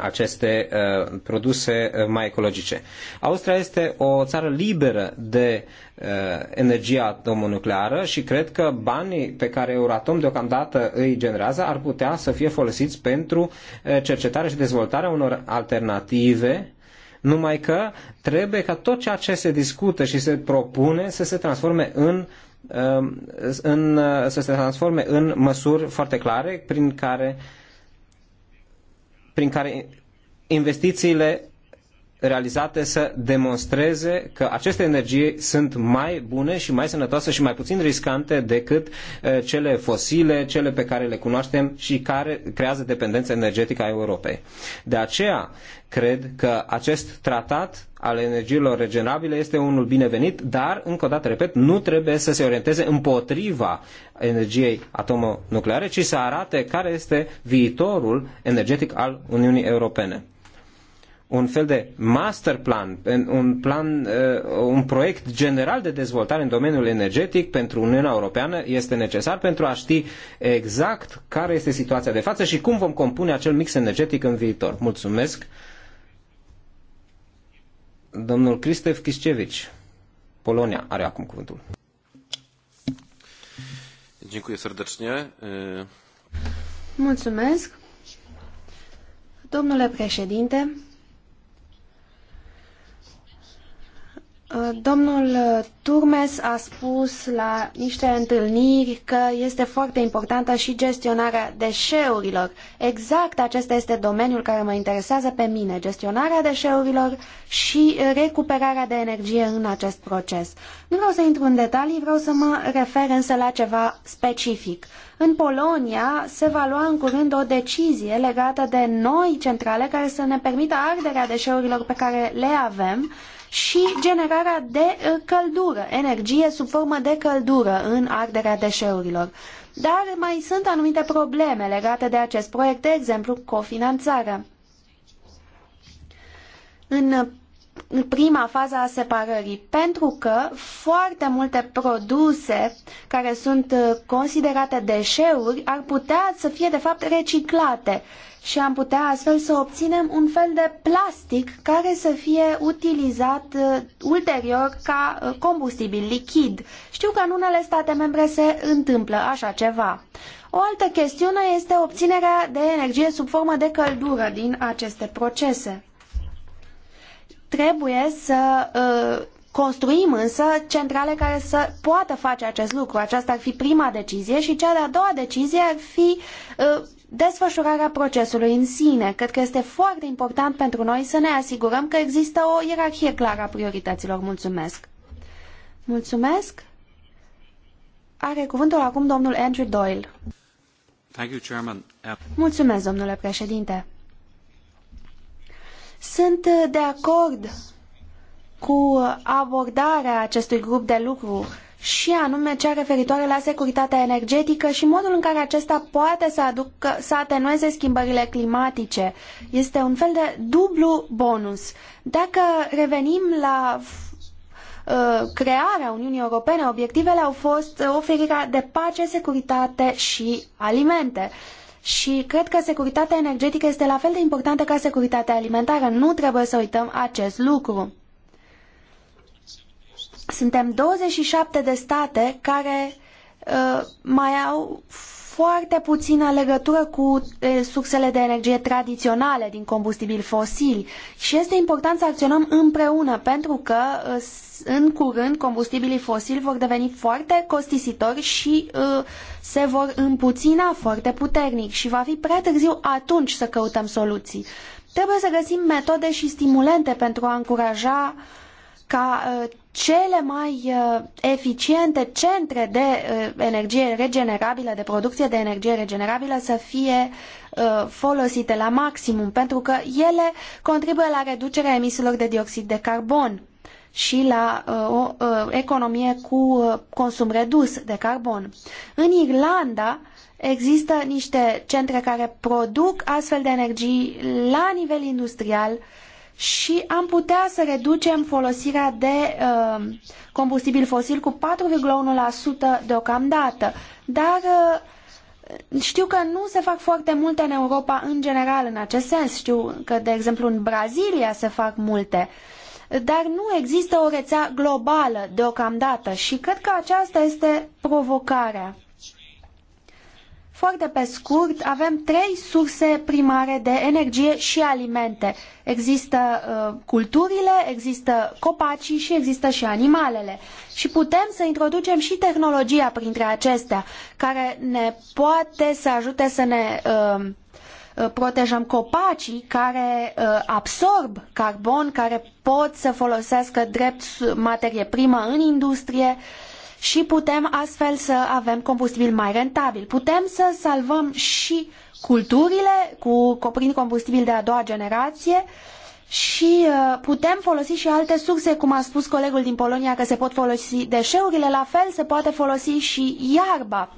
aceste uh, produse uh, mai ecologice. Austria este o țară liberă de uh, energie atomonucleară și cred că banii pe care Euratom deocamdată îi generează ar putea să fie folosiți pentru uh, cercetare și dezvoltarea unor alternative numai că trebuie ca tot ceea ce se discută și se propune să se transforme în uh, în, uh, să se transforme în măsuri foarte clare prin care uh, prin care investițiile realizate să demonstreze că aceste energii sunt mai bune și mai sănătoase și mai puțin riscante decât uh, cele fosile, cele pe care le cunoaștem și care creează dependența energetică a Europei. De aceea, cred că acest tratat al energiilor regenerabile este unul binevenit, dar, încă o dată, repet, nu trebuie să se orienteze împotriva energiei atomonucleare, ci să arate care este viitorul energetic al Uniunii Europene un fel de master plan, un, plan, uh, un proiect general de dezvoltare în domeniul energetic pentru Uniunea Europeană este necesar pentru a ști exact care este situația de față și cum vom compune acel mix energetic în viitor. Mulțumesc. Domnul Cristef Kiscevici, Polonia, are acum cuvântul. Dziękuję serdecznie. Mulțumesc. Domnule președinte, Domnul Turmes a spus la niște întâlniri că este foarte importantă și gestionarea deșeurilor. Exact acesta este domeniul care mă interesează pe mine, gestionarea deșeurilor și recuperarea de energie în acest proces. Nu vreau să intru în detalii, vreau să mă refer însă la ceva specific. În Polonia se va lua în curând o decizie legată de noi centrale care să ne permită arderea deșeurilor pe care le avem și generarea de uh, căldură, energie sub formă de căldură în arderea deșeurilor. Dar mai sunt anumite probleme legate de acest proiect, de exemplu cofinanțarea. În în prima fază a separării, pentru că foarte multe produse care sunt uh, considerate deșeuri ar putea să fie de fapt reciclate și am putea astfel să obținem un fel de plastic care să fie utilizat uh, ulterior ca uh, combustibil lichid. Știu că în unele state membre se întâmplă așa ceva. O altă chestiune este obținerea de energie sub formă de căldură din aceste procese. Trebuie să uh, construim însă centrale care să poată face acest lucru. Aceasta ar fi prima decizie și cea de-a doua decizie ar fi uh, desfășurarea procesului în sine. Cred că este foarte important pentru noi să ne asigurăm că există o ierarhie clară a priorităților. Mulțumesc! Mulțumesc! Are cuvântul acum domnul Andrew Doyle. Mulțumesc, domnule președinte. Sunt uh, de acord cu abordarea acestui grup de lucru și anume cea referitoare la securitatea energetică și modul în care acesta poate să, aducă, să atenueze schimbările climatice. Este un fel de dublu bonus. Dacă revenim la uh, crearea Uniunii Europene, obiectivele au fost oferirea de pace, securitate și alimente și cred că securitatea energetică este la fel de importantă ca securitatea alimentară. Nu trebuie să uităm acest lucru. Suntem 27 de state care uh, mai au foarte puțină legătură cu sursele de energie tradiționale din combustibili fosili și este important să acționăm împreună pentru că în curând combustibilii fosili vor deveni foarte costisitori și se vor împuțina foarte puternic și va fi prea târziu atunci să căutăm soluții. Trebuie să găsim metode și stimulente pentru a încuraja uh, ca uh, cele mai uh, eficiente centre de uh, energie regenerabilă, de producție de energie regenerabilă să fie folosite la maximum, pentru că ele contribuie la reducerea emisiilor de dioxid de carbon și la o economie cu consum redus de carbon. În Irlanda există niște centre care produc astfel de energii la nivel industrial și am putea să reducem folosirea de uh, combustibil fosil cu 4,1% deocamdată. Dar uh, știu că nu se fac foarte multe în Europa în general în acest sens. Știu că, de exemplu, în Brazilia se fac multe. Dar nu există o rețea globală deocamdată și cred că aceasta este provocarea. Foarte pe scurt, avem trei surse primare de energie și alimente. Există uh, culturile, există copacii și există și animalele. Și putem să introducem și tehnologia printre acestea, care ne poate să ajute să ne uh, uh protejăm copacii care uh, absorb carbon, care pot să folosească drept materie primă în industrie. Uh, și putem astfel să avem combustibil mai rentabil. Putem să salvăm și culturile cu, prin combustibil de a doua generație și uh, putem folosi și alte surse, cum a spus colegul din Polonia, că se pot folosi deșeurile, la fel se poate folosi și iarba.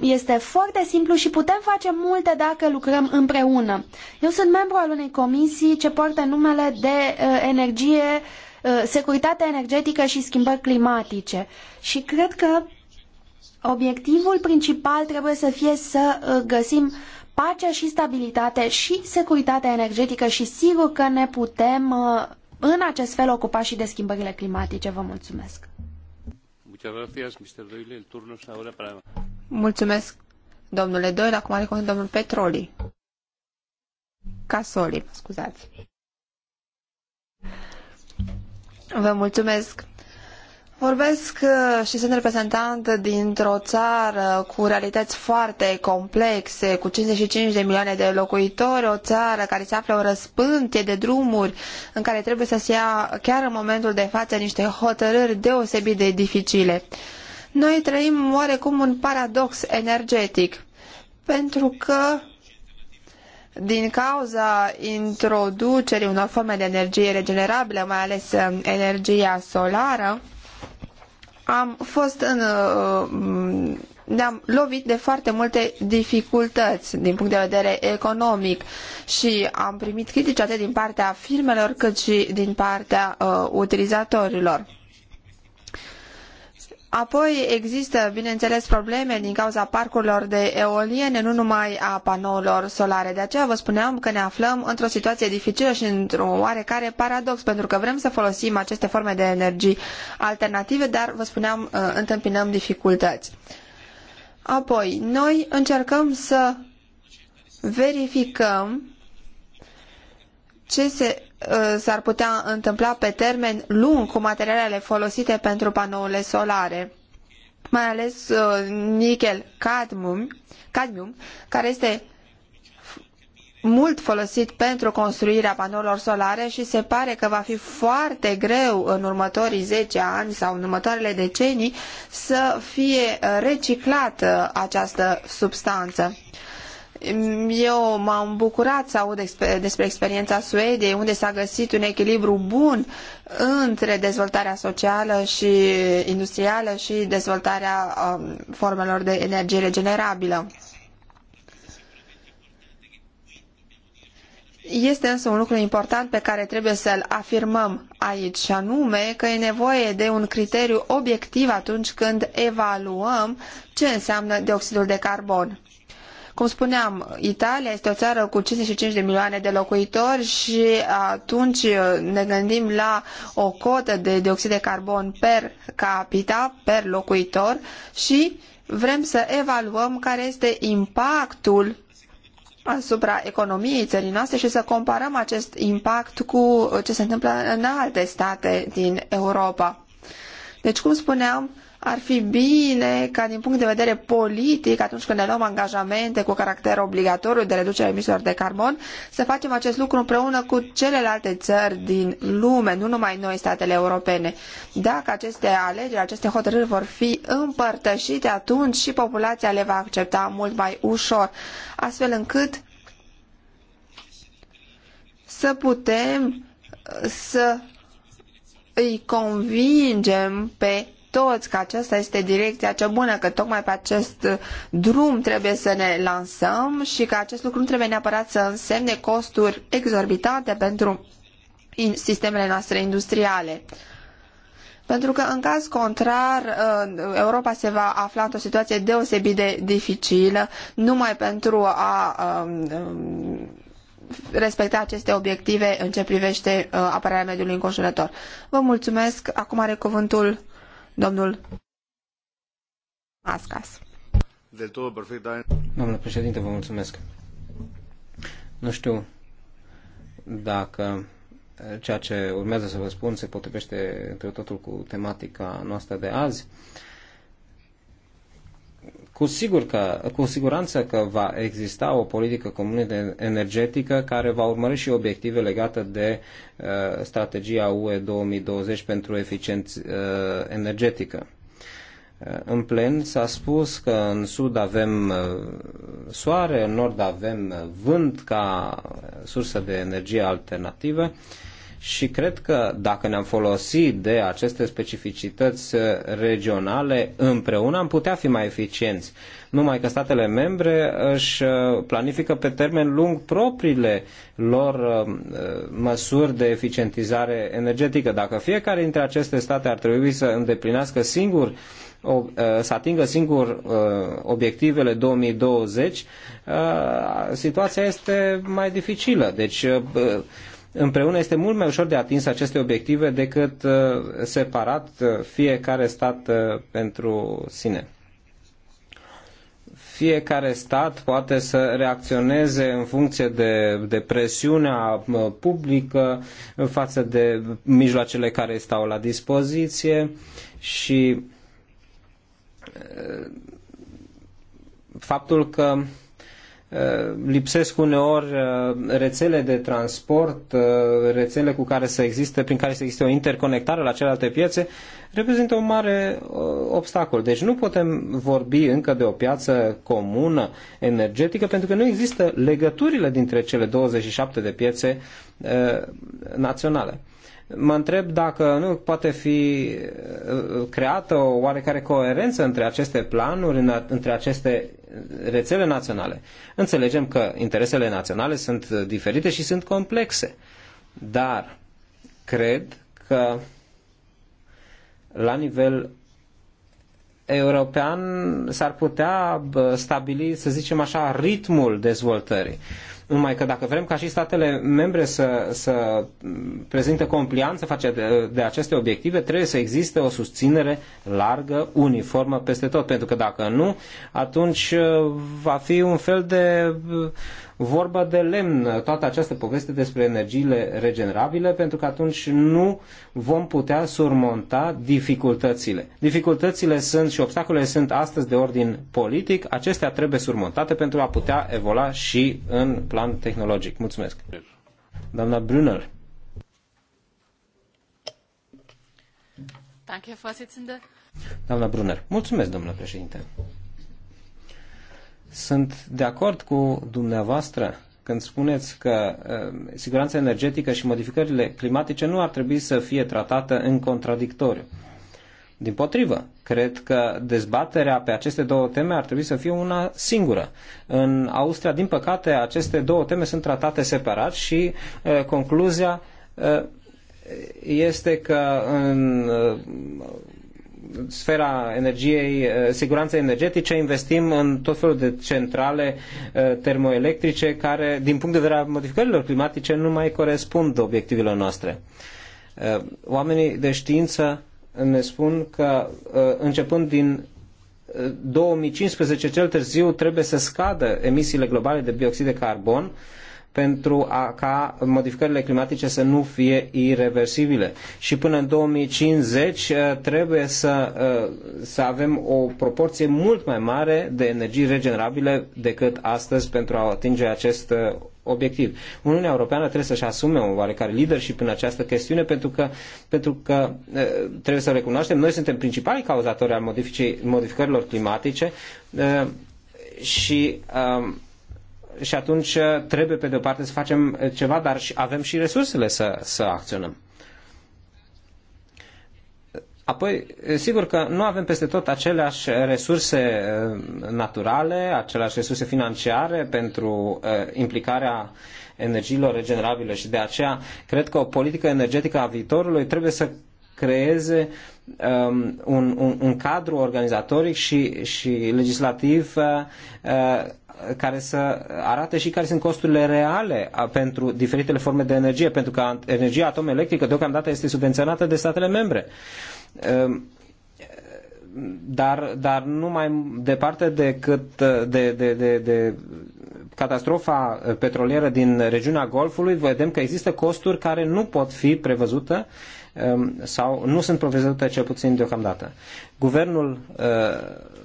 Este foarte simplu și putem face multe dacă lucrăm împreună. Eu sunt membru al unei comisii ce poartă numele de uh, energie uh, Uh, securitatea energetică și schimbări climatice. Și cred că obiectivul principal trebuie să fie să uh, găsim pacea și stabilitate și securitatea energetică și sigur că ne putem uh, în acest fel ocupa și de schimbările climatice. Vă mulțumesc! Mulțumesc, domnule Doyle. Acum are cuvânt domnul Petroli. Casoli, scuzați. Vă mulțumesc. Vorbesc uh, și sunt reprezentant dintr-o țară cu realități foarte complexe, cu 55 de milioane de locuitori, o țară care se află o răspântie de drumuri în care trebuie să se ia chiar în momentul de față niște hotărâri deosebit de dificile. Noi trăim oarecum un paradox energetic, pentru că din cauza introducerii unor forme de energie regenerabilă, mai ales uh, energia solară, am fost în, uh, ne-am lovit de foarte multe dificultăți din punct de vedere economic și am primit critici atât din partea firmelor cât și din partea uh, utilizatorilor. Apoi există, bineînțeles, probleme din cauza parcurilor de eoliene, nu numai a panourilor solare. De aceea vă spuneam că ne aflăm într-o situație dificilă și într-un oarecare paradox, pentru că vrem să folosim aceste forme de energii alternative, dar, vă spuneam, uh, întâmpinăm dificultăți. Apoi, noi încercăm să verificăm ce se Uh, s-ar putea întâmpla pe termen lung cu materialele folosite pentru panourile solare, mai ales uh, nichel cadmium, cadmium care este mult folosit pentru construirea panourilor solare și se pare că va fi foarte greu în următorii zece ani sau în următoarele decenii să fie reciclată această substanță. Eu m-am bucurat să aud despre experiența Suediei, unde s-a găsit un echilibru bun între dezvoltarea socială și industrială și dezvoltarea um, formelor de energie regenerabilă. Este însă un lucru important pe care trebuie să-l afirmăm aici, și anume că e nevoie de un criteriu obiectiv atunci când evaluăm ce înseamnă dioxidul de carbon. Cum spuneam, Italia este o țară cu 55 de milioane de locuitori și atunci uh, ne gândim la o cotă de dioxid de carbon per capita, per locuitor și vrem să evaluăm care este impactul asupra economiei țării noastre și să comparăm acest impact cu ce se întâmplă în alte state din Europa. Deci, cum spuneam, ar fi bine ca din punct de vedere politic, atunci când ne luăm angajamente cu caracter obligatoriu de reducere a emisiilor de carbon, să facem acest lucru împreună cu celelalte țări din lume, nu numai noi, statele europene. Dacă aceste alegeri, aceste hotărâri vor fi împărtășite, atunci și populația le va accepta mult mai ușor, astfel încât să putem să îi convingem pe toți că aceasta este direcția cea bună, că tocmai pe acest drum trebuie să ne lansăm și că acest lucru nu trebuie neapărat să însemne costuri exorbitante pentru sistemele noastre industriale. Pentru că, în caz contrar, uh, Europa se va afla într-o situație deosebit de dificilă, numai pentru a um, um, respecta aceste obiective în ce privește uh, apărarea mediului înconjurător. Vă mulțumesc. Acum are cuvântul Domnul Ascas. Del tot perfect, Domnule președinte, vă mulțumesc. Nu știu dacă eh, ceea ce urmează să vă spun se potrivește între totul cu tematica noastră de azi. Uh, cu, sigur că, cu siguranță că va exista o politică comună energetică care va urmări și obiective legate de uh, strategia UE 2020 pentru eficiență uh, energetică. Uh, în plen s-a spus că în sud avem uh, soare, în nord avem vânt ca sursă de energie alternativă. Uh, și cred că dacă ne-am folosit de aceste specificități uh, regionale împreună, am putea fi mai eficienți. Numai că statele membre uh, își uh, planifică pe termen lung propriile lor măsuri de eficientizare energetică. Dacă fiecare dintre aceste state ar trebui să îndeplinească singur să atingă singur obiectivele 2020, situația este mai dificilă. Deci împreună este mult mai ușor de atins aceste obiective decât uh, separat uh, fiecare stat uh, pentru sine. Fiecare stat poate să reacționeze în funcție de, de presiunea publică față de mijloacele care stau la dispoziție și faptul că Eh, lipsesc uneori eh, rețele de transport, eh, rețele cu care să existe, prin care să existe o interconectare la celelalte piețe, reprezintă un mare obstacol. Deci nu putem vorbi încă de o piață comună energetică pentru că nu există legăturile dintre cele 27 de piețe naționale mă întreb dacă nu poate fi uh, creată o oarecare coerență între aceste planuri, între aceste rețele naționale. Înțelegem că interesele naționale sunt diferite și sunt complexe, dar cred că la nivel european s-ar putea stabili, să zicem așa, ritmul dezvoltării. Numai că dacă vrem ca și statele membre să, să prezinte complianță face de, de aceste obiective, trebuie să existe o susținere largă, uniformă peste tot. Pentru că dacă nu, atunci uh, va fi un fel de uh, vorbă de lemn toată această poveste despre energiile regenerabile, pentru că atunci nu vom putea surmonta dificultățile. Dificultățile sunt și obstacolele sunt astăzi de ordin politic, acestea trebuie surmontate pentru a putea evolua și în plan tehnologic. Mulțumesc. Doamna Brunel. Doamna Brunner. Mulțumesc, domnule președinte. Sunt de acord cu dumneavoastră când spuneți că uh, siguranța energetică și modificările climatice nu ar trebui să fie tratate în contradictoriu. Din potrivă, cred că dezbaterea pe aceste două teme ar trebui să fie una singură. În Austria, din păcate, aceste două teme sunt tratate separat și uh, concluzia uh, este că în sfera energiei, eh, siguranței energetice, investim în tot felul de centrale eh, termoelectrice care, din punct de vedere al modificărilor climatice, nu mai corespund obiectivelor noastre. Eh, oamenii de știință ne spun că începând din 2015 cel târziu trebuie să scadă emisiile globale de bioxid de carbon pentru a, ca modificările climatice să nu fie irreversibile. Și până în 2050 uh, trebuie să, uh, să avem o proporție mult mai mare de energii regenerabile decât astăzi pentru a atinge acest uh, obiectiv. Uniunea Europeană trebuie să-și asume un oarecare leadership în această chestiune pentru că, pentru că trebuie să recunoaștem, noi suntem principalii cauzatori al modificărilor climatice și um, și atunci uh, trebuie pe de o parte să facem uh, ceva, dar avem și resursele să, să acționăm. Apoi, uh, sigur că nu avem peste tot aceleași resurse naturale, aceleași resurse financiare pentru implicarea energiilor regenerabile și de aceea cred că o politică energetică a viitorului trebuie să creeze um, un, un, un cadru organizatoric și, și legislativ uh, care să arate și care sunt costurile reale pentru diferitele forme de energie, pentru că energia atomelectrică deocamdată este subvenționată de statele membre. Ehm, dar, dar nu mai departe decât de, de, de, de catastrofa petrolieră din regiunea Golfului, vedem că există costuri care nu pot fi prevăzute uh, Ehm, sau nu sunt provizorite cel puțin deocamdată. Guvernul eh,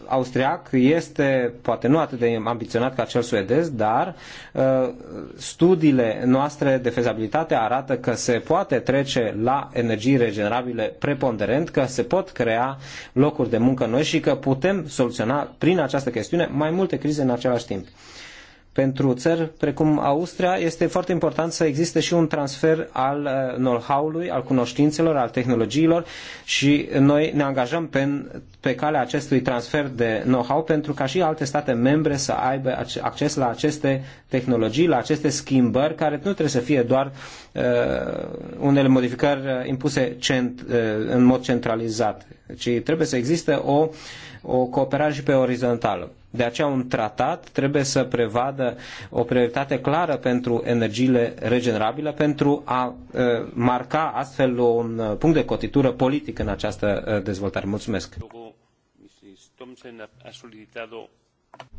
austriac este poate nu atât de ambiționat ca cel suedez, dar eh, studiile noastre de fezabilitate arată că se poate trece la energii regenerabile preponderent, că se pot crea locuri de muncă noi și că putem soluționa prin această chestiune mai multe crize în același timp pentru țări precum Austria, este foarte important să existe și un transfer al uh, know-how-ului, al cunoștințelor, al tehnologiilor și noi ne angajăm pe, pe calea acestui transfer de know-how pentru ca și alte state membre să aibă acces la aceste tehnologii, la aceste schimbări care nu trebuie să fie doar uh, unele modificări uh, impuse cent, uh, în mod centralizat, ci trebuie să existe o uh, o cooperare și pe orizontală. De aceea un tratat trebuie să prevadă o prioritate clară pentru energiile regenerabile pentru a uh, marca astfel un uh, punct de cotitură politic în această uh, dezvoltare. Mulțumesc!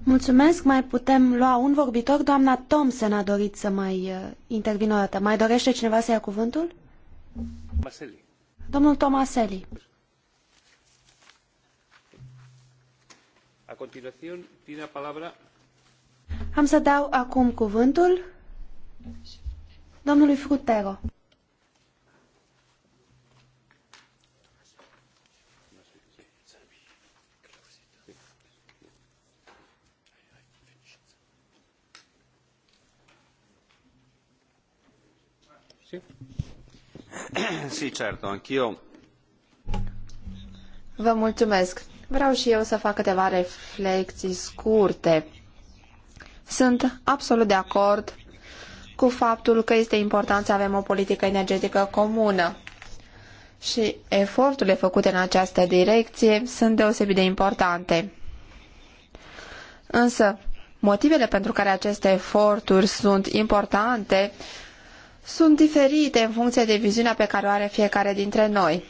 Mulțumesc, mai putem lua un vorbitor. Doamna Thompson a dorit să mai intervină o dată. Mai dorește cineva să ia cuvântul? Maseli. Domnul Tomaseli. Am să dau acum cuvântul domnului Frutero. Vă mulțumesc. Vreau și eu să fac câteva reflexii scurte. Sunt absolut de acord cu faptul că este important să avem o politică energetică comună. Și eforturile făcute în această direcție sunt deosebit de importante. Însă, motivele pentru care aceste eforturi sunt importante sunt diferite în funcție de viziunea pe care o are fiecare dintre noi.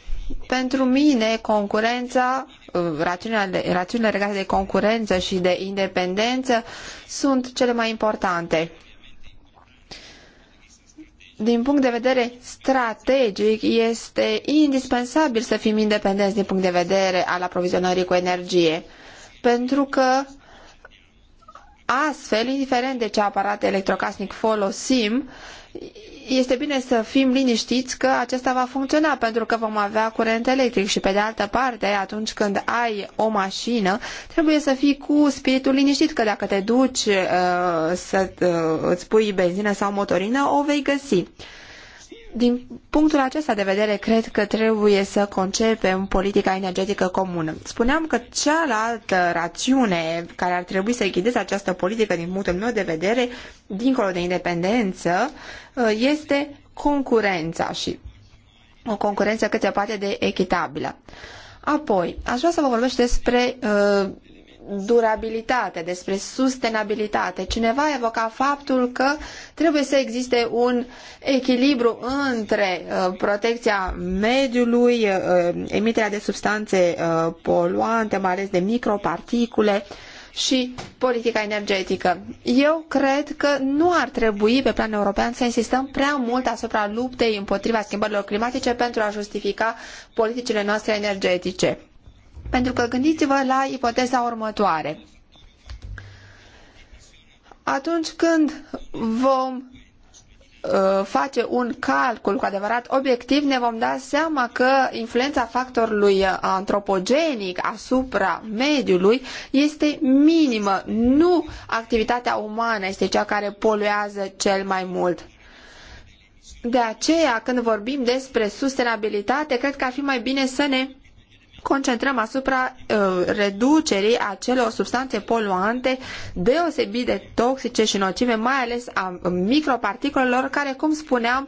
Pentru mine, concurența, uh, rațiunile, legate de concurență și de independență sunt cele mai importante. Din punct de vedere strategic, este indispensabil să fim independenți din punct de vedere al aprovizionării cu energie, pentru că astfel, indiferent de ce aparat electrocasnic folosim, este bine să fim liniștiți că acesta va funcționa pentru că vom avea curent electric și pe de altă parte, atunci când ai o mașină, trebuie să fii cu spiritul liniștit că dacă te duci uh, să uh, îți pui benzină sau motorină, o vei găsi. Uh, din punctul acesta de vedere, cred că trebuie să concepem politica energetică comună. Spuneam că cealaltă rațiune care ar trebui să ghideze această politică, din punctul meu de vedere, dincolo de independență, ă, este concurența și o concurență cât se poate de echitabilă. Apoi, aș vrea să vă vorbesc despre uh, durabilitate, despre sustenabilitate. Cineva evoca faptul că trebuie să existe un echilibru între uh, protecția mediului, uh, emiterea de substanțe uh, poluante, mai ales de microparticule, și politica energetică. Eu cred că nu ar trebui pe plan european să insistăm prea mult asupra luptei împotriva schimbărilor climatice pentru a justifica politicile noastre energetice. Pentru că gândiți-vă la ipoteza următoare. Atunci când vom uh, face un calcul cu adevărat obiectiv, ne vom da seama că influența factorului uh, antropogenic asupra mediului este minimă. Nu activitatea umană este cea care poluează cel mai mult. De aceea, când vorbim despre sustenabilitate, cred că ar fi mai bine să ne concentrăm asupra uh, reducerii acelor substanțe poluante deosebit de toxice și nocive, mai ales a microparticulelor care, cum spuneam,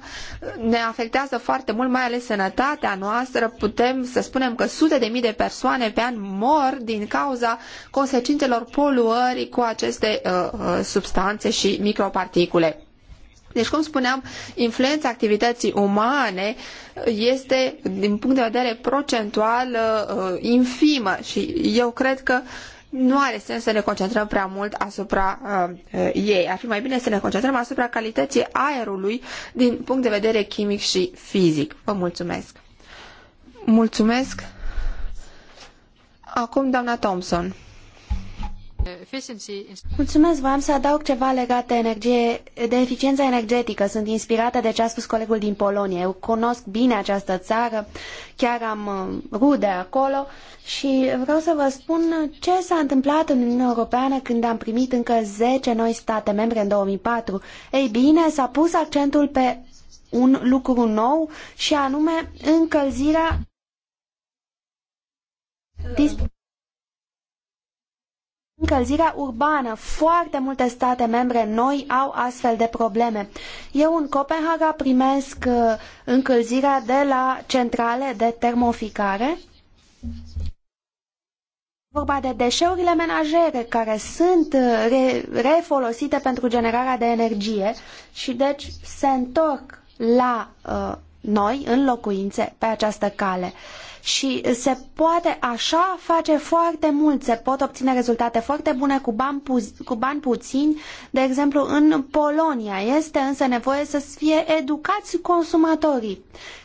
ne afectează foarte mult, mai ales sănătatea noastră. Putem să spunem că sute de mii de persoane pe an mor din cauza consecințelor poluării cu aceste uh, uh substanțe și microparticule. Deci, cum spuneam, influența activității umane este, din punct de vedere procentual, uh, infimă și eu cred că nu are sens să ne concentrăm prea mult asupra uh, ei. Ar fi mai bine să ne concentrăm asupra calității aerului din punct de vedere chimic și fizic. Vă mulțumesc! Mulțumesc! Acum, doamna Thompson. Mulțumesc, v-am să adaug ceva legat de, energie, de eficiența energetică. Sunt inspirată de ce a spus colegul din Polonia. Eu cunosc bine această țară, chiar am uh, rude acolo și vreau să vă spun ce s-a întâmplat în Uniunea Europeană când am primit încă zece noi state membre în 2004. Ei bine, s-a pus accentul pe un lucru nou și anume încălzirea... Încălzirea urbană. Foarte multe state membre noi au astfel de probleme. Eu în Copenhaga primesc uh, încălzirea de la centrale de termoficare. Vorba de deșeurile menajere care sunt uh, refolosite pentru generarea de energie și deci se întorc la uh, noi în locuințe pe această cale. Uh, și se poate așa face foarte mult, se pot obține rezultate foarte bune cu bani, pu- cu bani puțini, de exemplu în Polonia. Este însă nevoie să fie educați consumatorii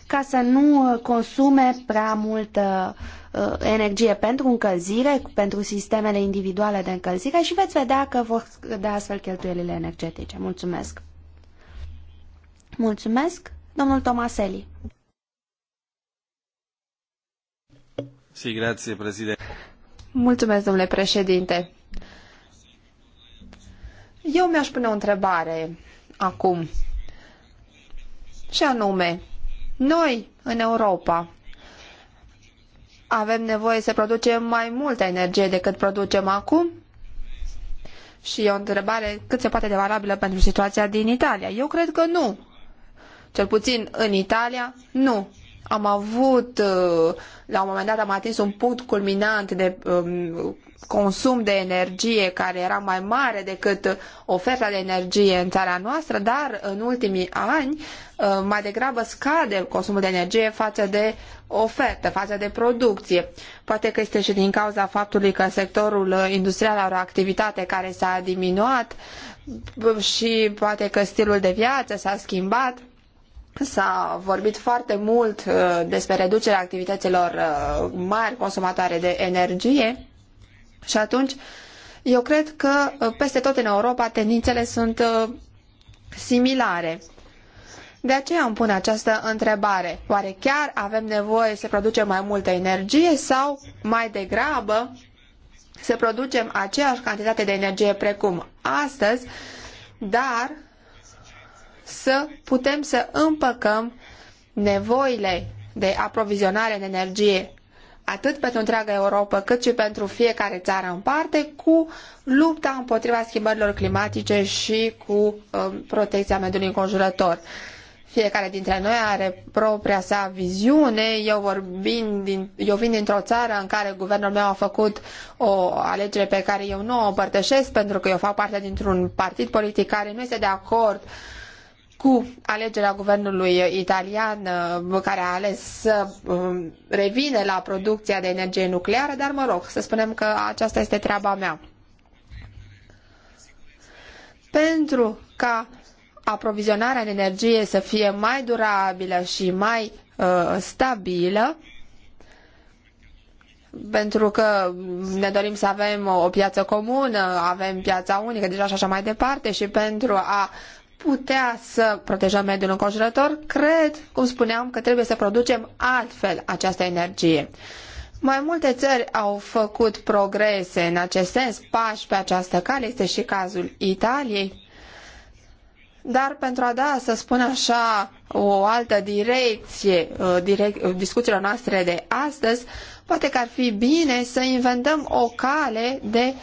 ca să nu uh, consume prea multă uh, energie pentru încălzire, pentru sistemele individuale de încălzire și veți vedea că vor scădea astfel cheltuielile energetice. Mulțumesc! Mulțumesc, domnul Tomaseli. Si, Mulțumesc, domnule președinte. Eu mi-aș pune o întrebare acum. Și anume, noi, în Europa, avem nevoie să producem mai multă energie decât producem acum? Și e o întrebare cât se poate de valabilă pentru situația din Italia. Eu cred că nu. Cel puțin în Italia, nu. Am avut, uh, la un moment dat am atins un punct culminant de um, consum de energie care era mai mare decât oferta de energie în țara noastră, dar în ultimii ani uh, mai degrabă scade consumul de energie față de ofertă, față de producție. Poate că este și din cauza faptului că sectorul industrial are o activitate care s-a diminuat și poate că stilul de viață s-a schimbat. S-a vorbit foarte mult uh, despre reducerea activităților uh, mari consumatoare de energie și atunci eu cred că uh, peste tot în Europa tendințele sunt similare. De aceea îmi pun această întrebare. Oare chiar avem nevoie să producem mai multă energie sau mai degrabă să producem aceeași cantitate de energie precum astăzi, dar să putem să împăcăm nevoile de aprovizionare în energie atât pentru întreaga Europa, cât și pentru fiecare țară în parte, cu lupta împotriva schimbărilor climatice și cu um, protecția mediului înconjurător. Fiecare dintre noi are propria sa viziune. Eu, vorbind din, eu vin dintr-o țară în care guvernul meu a făcut o alegere pe care eu nu o împărtășesc pentru că eu fac parte dintr-un partid politic care nu este de acord uh, cu alegerea guvernului italian uh, care a ales să um, revină la producția de energie nucleară, dar mă rog, să spunem că aceasta este treaba mea. Pentru ca aprovizionarea în energie să fie mai durabilă și mai uh, stabilă, pentru că ne dorim să avem o piață comună, avem piața unică, deja și așa mai departe, și pentru a putea să protejăm mediul înconjurător, cred, cum spuneam, că trebuie să producem altfel această energie. Mai multe țări au făcut progrese în acest sens, pași pe această cale, este și cazul Italiei. Dar pentru a da, să spun așa, o altă direcție uh, direct, uh, discuțiilor noastre de astăzi, poate că ar fi bine să inventăm o cale de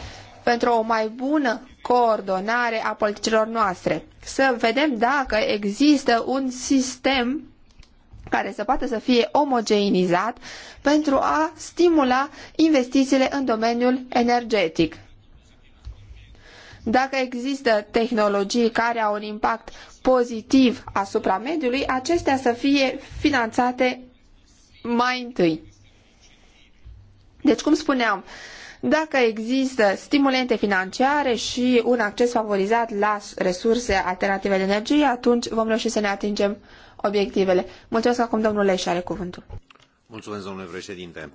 pentru o mai bună coordonare a politicilor noastre. Să vedem dacă există un sistem care să poată să fie omogenizat pentru a stimula investițiile în domeniul energetic. Dacă există tehnologii care au un impact pozitiv asupra mediului, acestea să fie finanțate mai întâi. Deci, cum spuneam, uh, dacă există stimulente financiare și un acces favorizat la resurse alternative de energie, atunci vom reuși să ne atingem obiectivele. Mulțumesc acum domnul Leș are cuvântul. Mulțumesc, domnule președinte.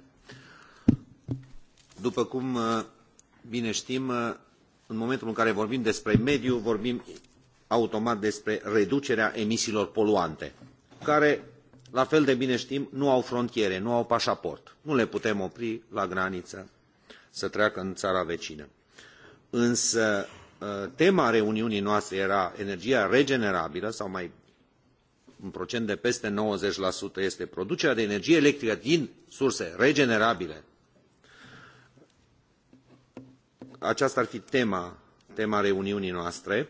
După cum uh, bine știm, uh, în momentul în care vorbim despre mediu, vorbim automat despre reducerea emisiilor poluante, care, la fel de bine știm, nu au frontiere, nu au pașaport. Nu le putem opri la graniță, să treacă în țara vecină. Însă ă, tema reuniunii noastre era energia regenerabilă sau mai un procent de peste 90% este producerea de energie electrică din surse regenerabile. Aceasta ar fi tema, tema reuniunii noastre.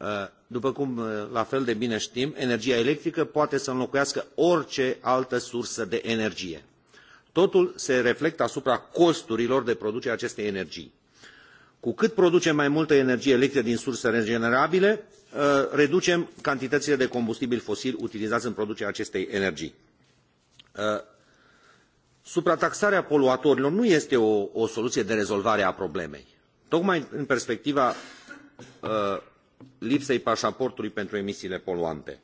Ă, după cum ă, la fel de bine știm, energia electrică poate să înlocuiască orice altă sursă de energie totul se reflectă asupra costurilor de producere a acestei energii. Cu cât producem mai multă energie electrică din surse regenerabile, uh, reducem cantitățile de combustibil fosil utilizați în producerea acestei energii. Uh, suprataxarea poluatorilor nu este o, o soluție de rezolvare a problemei. Tocmai în perspectiva uh, lipsei pașaportului pentru emisiile poluante.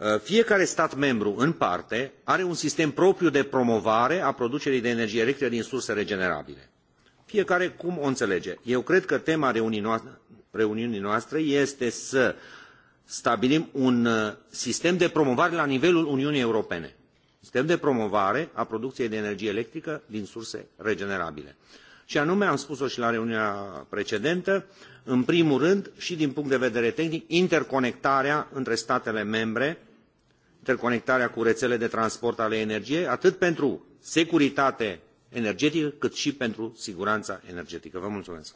Uh, fiecare stat membru în parte are un sistem propriu de promovare a producerii de energie electrică din surse regenerabile fiecare cum o înțelege. eu cred că tema reuniunii noastre este să stabilim un uh, sistem de promovare la nivelul uniunii europene sistem de promovare a producției de energie electrică din surse regenerabile și anume am spus o și la reuniunea precedentă în primul rând și din punct de vedere tehnic interconectarea între statele membre interconectarea cu rețele de transport ale energiei, atât pentru securitate energetică, cât și pentru siguranța energetică. Vă mulțumesc!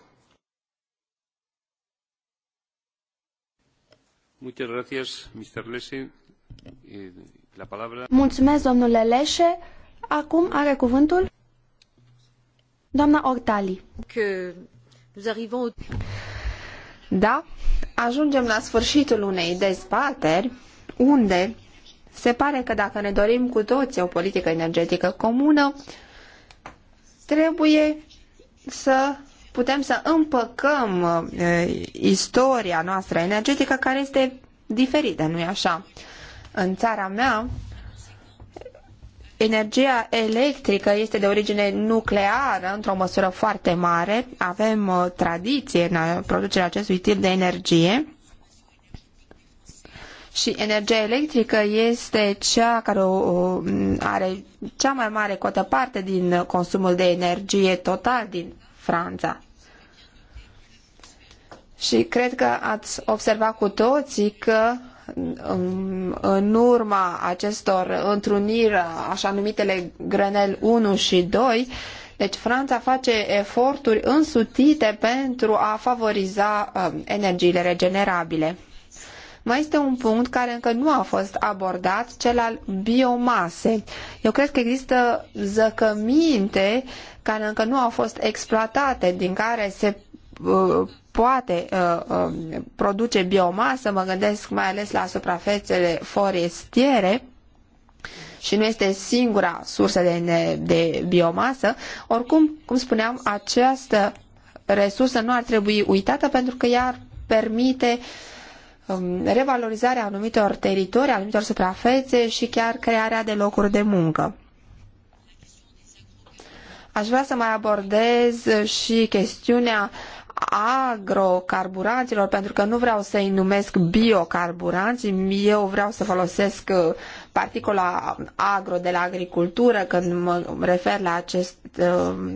Eh, mulțumesc, domnule Leșe. Acum are cuvântul doamna Ortali. Da, ajungem la sfârșitul unei dezbateri unde se pare că dacă ne dorim cu toții o politică energetică comună, trebuie să putem să împăcăm istoria noastră energetică care este diferită, nu-i așa? În țara mea, energia electrică este de origine nucleară într-o măsură foarte mare. Avem uh, tradiție în uh, producerea acestui tip de energie și energia electrică este cea care o, are cea mai mare cotă parte din consumul de energie total din Franța. Și cred că ați observat cu toții că um, în urma acestor întruniri, așa numitele Grenel 1 și 2, deci Franța face eforturi însutite pentru a favoriza um, energiile regenerabile. Mai este un punct care încă nu a fost abordat, cel al biomasei. Eu cred că există zăcăminte care încă nu au fost exploatate, din care se uh, poate uh, uh, produce biomasă, mă gândesc mai ales la suprafețele forestiere, și nu este singura sursă de, de biomasă, oricum, cum spuneam, această resursă nu ar trebui uitată pentru că ea ar permite uh, Um, revalorizarea anumitor teritorii, anumitor suprafețe și chiar crearea de locuri de muncă. Aș vrea să mai abordez și chestiunea agrocarburanților, pentru că nu vreau să-i numesc biocarburanți, eu vreau să folosesc uh, particula agro de la agricultură când mă refer la acest uh,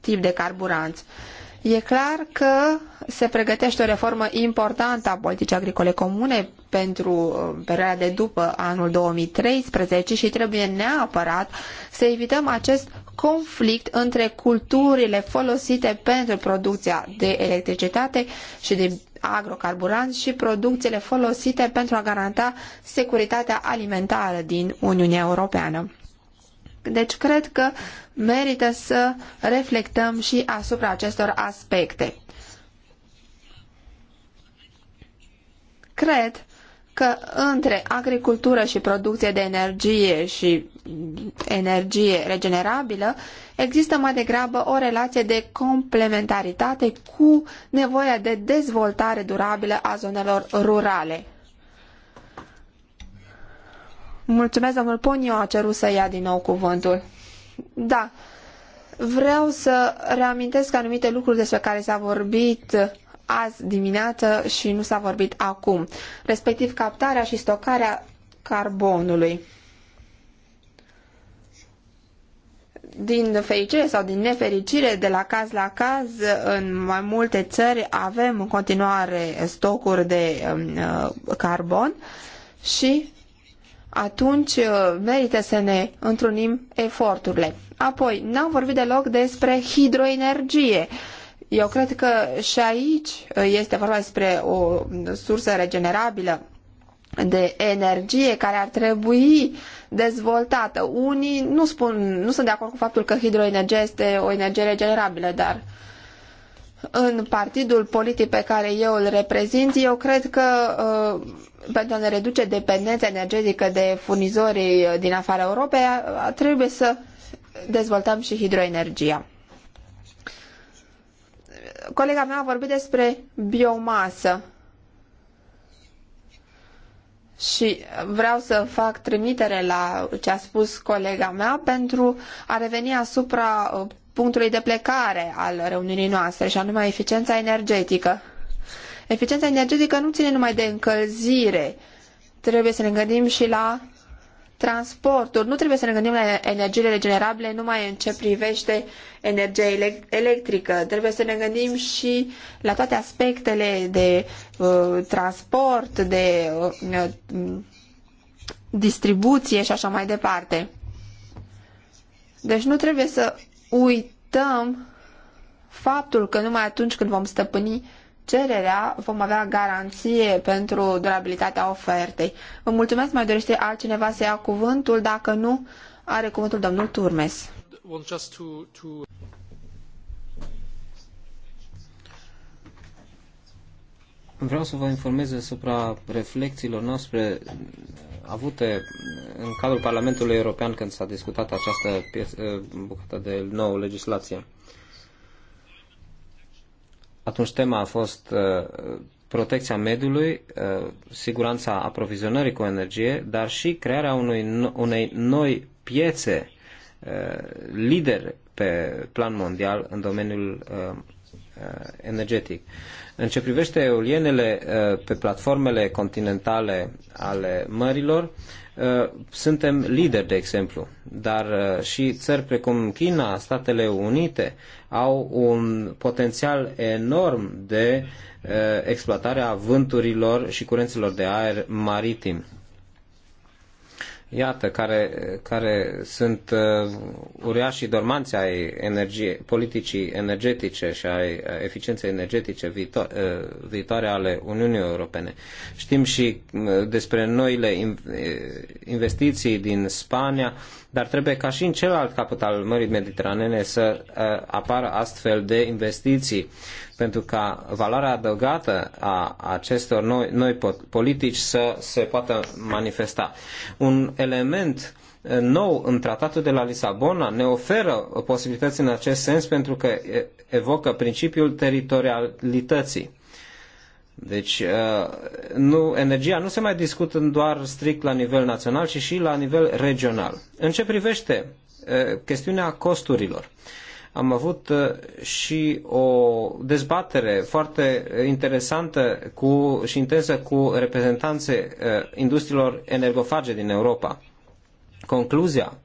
tip de carburanți. Uh, E clar că se pregătește o reformă importantă a politicii agricole comune pentru uh, perioada de după anul 2013 și trebuie neapărat să evităm acest conflict între culturile folosite pentru producția de electricitate și de agrocarburanți și producțiile folosite pentru a garanta securitatea alimentară din Uniunea Europeană. Deci cred că merită să reflectăm și asupra acestor aspecte. Cred că între agricultură și producție de energie și energie regenerabilă există mai degrabă o relație de complementaritate cu nevoia de dezvoltare durabilă a zonelor rurale. Mulțumesc, domnul Poniu, a cerut să ia din nou cuvântul. Da, vreau să reamintesc anumite lucruri despre care s-a vorbit azi dimineață și nu s-a vorbit acum, respectiv captarea și stocarea carbonului. Din fericire sau din nefericire, de la caz la caz, în mai multe țări avem în continuare stocuri de um, uh, carbon și atunci uh, merită să ne întrunim eforturile. Apoi, n-am vorbit deloc despre hidroenergie. Eu cred că și aici uh, este vorba despre o sursă regenerabilă de energie care ar trebui dezvoltată. Unii nu spun, nu sunt de acord cu faptul că hidroenergia este o energie regenerabilă, dar în partidul politic pe care eu îl reprezint, eu cred că uh, pentru a ne reduce dependența energetică de furnizorii uh, din afara Europei, trebuie să dezvoltăm și hidroenergia. Colega mea a vorbit despre biomasă și vreau să fac trimitere la ce a spus colega mea pentru a reveni asupra uh, punctului de plecare al reuniunii noastre, și anume eficiența energetică. Eficiența energetică nu ține numai de încălzire. Trebuie să ne gândim și la transporturi. Nu trebuie să ne gândim la energiile regenerabile numai în ce privește energia electrică. Trebuie să ne gândim și la toate aspectele de uh, transport, de uh, mm, distribuție și așa mai departe. Deci nu trebuie să uităm faptul că numai atunci când vom stăpâni cererea, vom avea garanție pentru durabilitatea ofertei. Vă mulțumesc, mai dorește altcineva să ia cuvântul, dacă nu, are cuvântul domnul Turmes. Vreau să vă informez asupra reflexiilor noastre avute în cadrul Parlamentului European când s-a discutat această bucată de nouă legislație. Atunci tema a fost uh, protecția mediului, uh, siguranța aprovizionării cu energie, dar și crearea unui, unei noi piețe uh, lider pe plan mondial în domeniul energetic. În ce privește eolienele pe platformele continentale ale mărilor, Uh, suntem lideri, de exemplu, dar uh, și țări precum China, Statele Unite au un potențial enorm de uh, exploatare a vânturilor și curenților de aer maritim iată, care, care sunt uh, uriașii dormanți ai energie, politicii energetice și ai uh, eficienței energetice viito- uh, viitoare ale Uniunii Europene. Știm și uh, despre noile in, uh, investiții din Spania, dar trebuie ca și în celălalt capăt al Mării Mediteranene să uh, apară astfel de investiții, pentru ca valoarea adăugată a acestor noi, noi politici să se poată manifesta. Un element uh, nou în tratatul de la Lisabona ne oferă posibilități în acest sens pentru că evocă principiul teritorialității. Deci, uh, nu, energia nu se mai discută doar strict la nivel național, ci și la nivel regional. În ce privește uh, chestiunea costurilor, am avut uh, și o dezbatere foarte interesantă cu, și intensă cu reprezentanțe industriilor energofage din Europa. Concluzia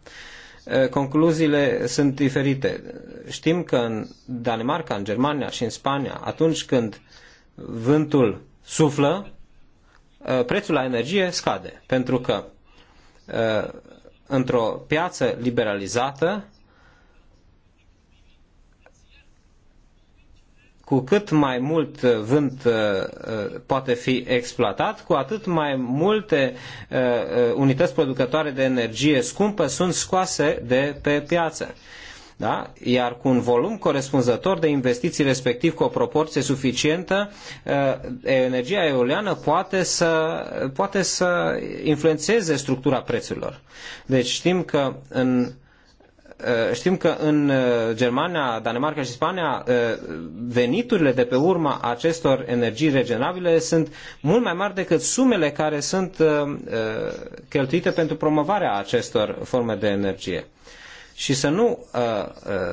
concluziile sunt diferite. Știm că în Danemarca, în Germania și în Spania, atunci când vântul suflă, uh, prețul la energie scade, pentru că uh, într-o piață liberalizată, cu cât mai mult uh, vânt poate fi exploatat, cu atât mai multe unități producătoare de energie scumpă sunt scoase de pe piață da? iar cu un volum corespunzător de investiții, respectiv cu o proporție suficientă, eh, energia eoliană poate să, poate să influențeze structura prețurilor. Deci știm că în eh, Știm că în eh, Germania, Danemarca și Spania veniturile de pe urma acestor energii regenerabile sunt mult mai mari decât sumele care sunt cheltuite pentru promovarea acestor forme de energie și să nu uh, uh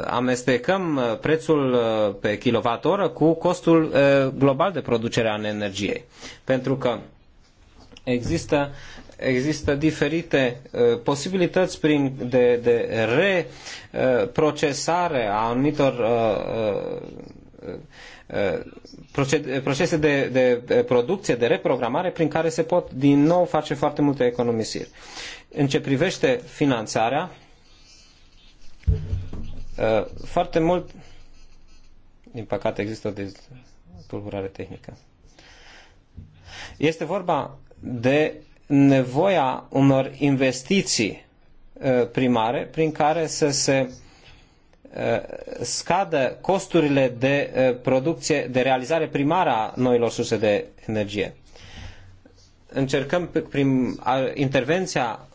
amestecăm uh, prețul uh, pe kilovatoră cu costul uh, global de producere a energiei. Pentru că există, există diferite uh, posibilități prin, de, de reprocesare a anumitor procese de, de producție, de reprogramare, prin care se pot din nou face foarte multe economisiri. În ce privește finanțarea, Uh, foarte mult, din păcate, există o tulburare tehnică. Este vorba de nevoia unor investiții uh, primare prin care să se uh, scadă costurile de producție, de realizare primară a noilor surse de energie. Încercăm prin intervenția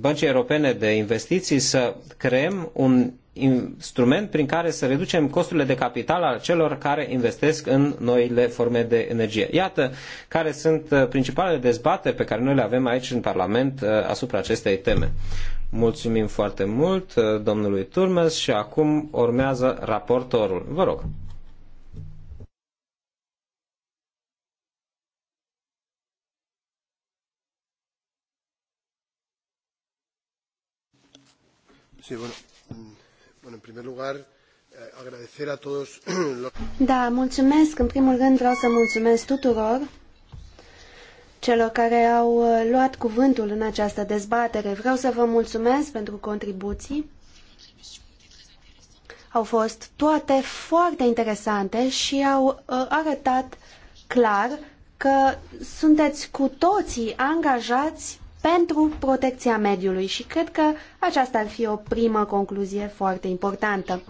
Băncii Europene de Investiții să creăm un instrument prin care să reducem costurile de capital al celor care investesc în noile forme de energie. Iată care sunt uh, principalele dezbateri pe care noi le avem aici în Parlament uh, asupra acestei teme. Mulțumim foarte mult uh, domnului Turmes și acum urmează raportorul. Vă rog. Da, mulțumesc. În primul rând vreau să mulțumesc tuturor celor care au uh, luat cuvântul în această dezbatere. Vreau să vă mulțumesc pentru contribuții. Au fost toate foarte interesante și au uh, arătat clar că sunteți cu toții angajați pentru protecția mediului și cred că aceasta ar fi o primă concluzie foarte importantă.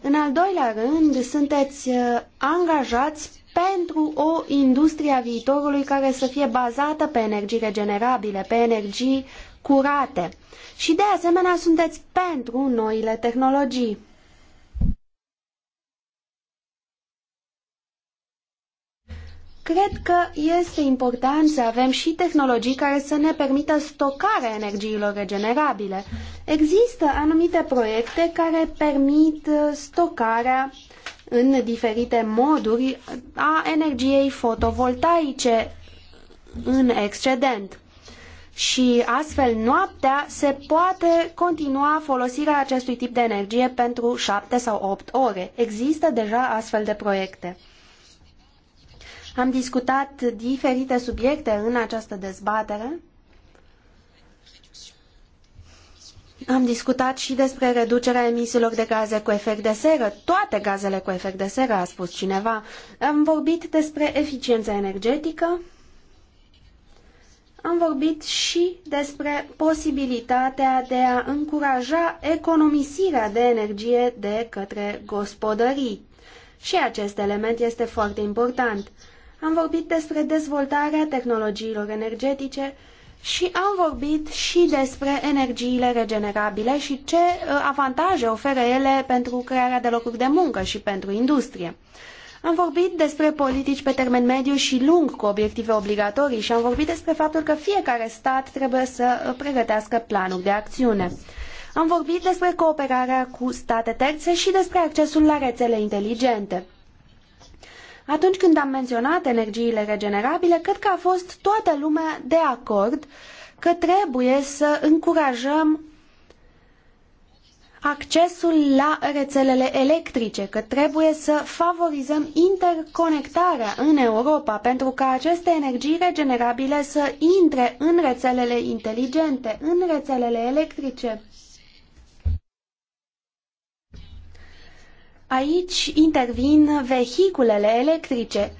În al doilea rând, sunteți uh, angajați pentru o industrie a viitorului care să fie bazată pe energii regenerabile, pe energii curate. Și de asemenea sunteți pentru noile tehnologii. Cred că este important să avem și tehnologii care să ne permită stocarea energiilor regenerabile. Există anumite proiecte care permit uh, stocarea în diferite moduri a energiei fotovoltaice în excedent. Și astfel noaptea se poate continua folosirea acestui tip de energie pentru 7 sau 8 ore. Există deja astfel de proiecte. Am discutat diferite subiecte în această dezbatere. Am discutat și despre reducerea emisiilor de gaze cu efect de seră, toate gazele cu efect de seră, a spus cineva. Am vorbit despre eficiența energetică, am vorbit și despre posibilitatea de a încuraja economisirea de energie de către gospodării. Și acest element este foarte important am vorbit despre dezvoltarea tehnologiilor energetice și am vorbit și despre energiile regenerabile și ce uh, avantaje oferă ele pentru crearea de locuri de muncă și pentru industrie. Am vorbit despre politici pe termen mediu și lung cu obiective obligatorii și am vorbit despre faptul că fiecare stat trebuie să uh, pregătească planuri de acțiune. Am vorbit despre cooperarea cu state terțe și despre accesul la rețele inteligente. Atunci când am menționat energiile regenerabile, cred că a fost toată lumea de acord că trebuie să încurajăm accesul la rețelele electrice, că trebuie să favorizăm interconectarea în Europa pentru ca aceste energii regenerabile să intre în rețelele inteligente, în rețelele electrice. Aici intervin vehiculele electrice,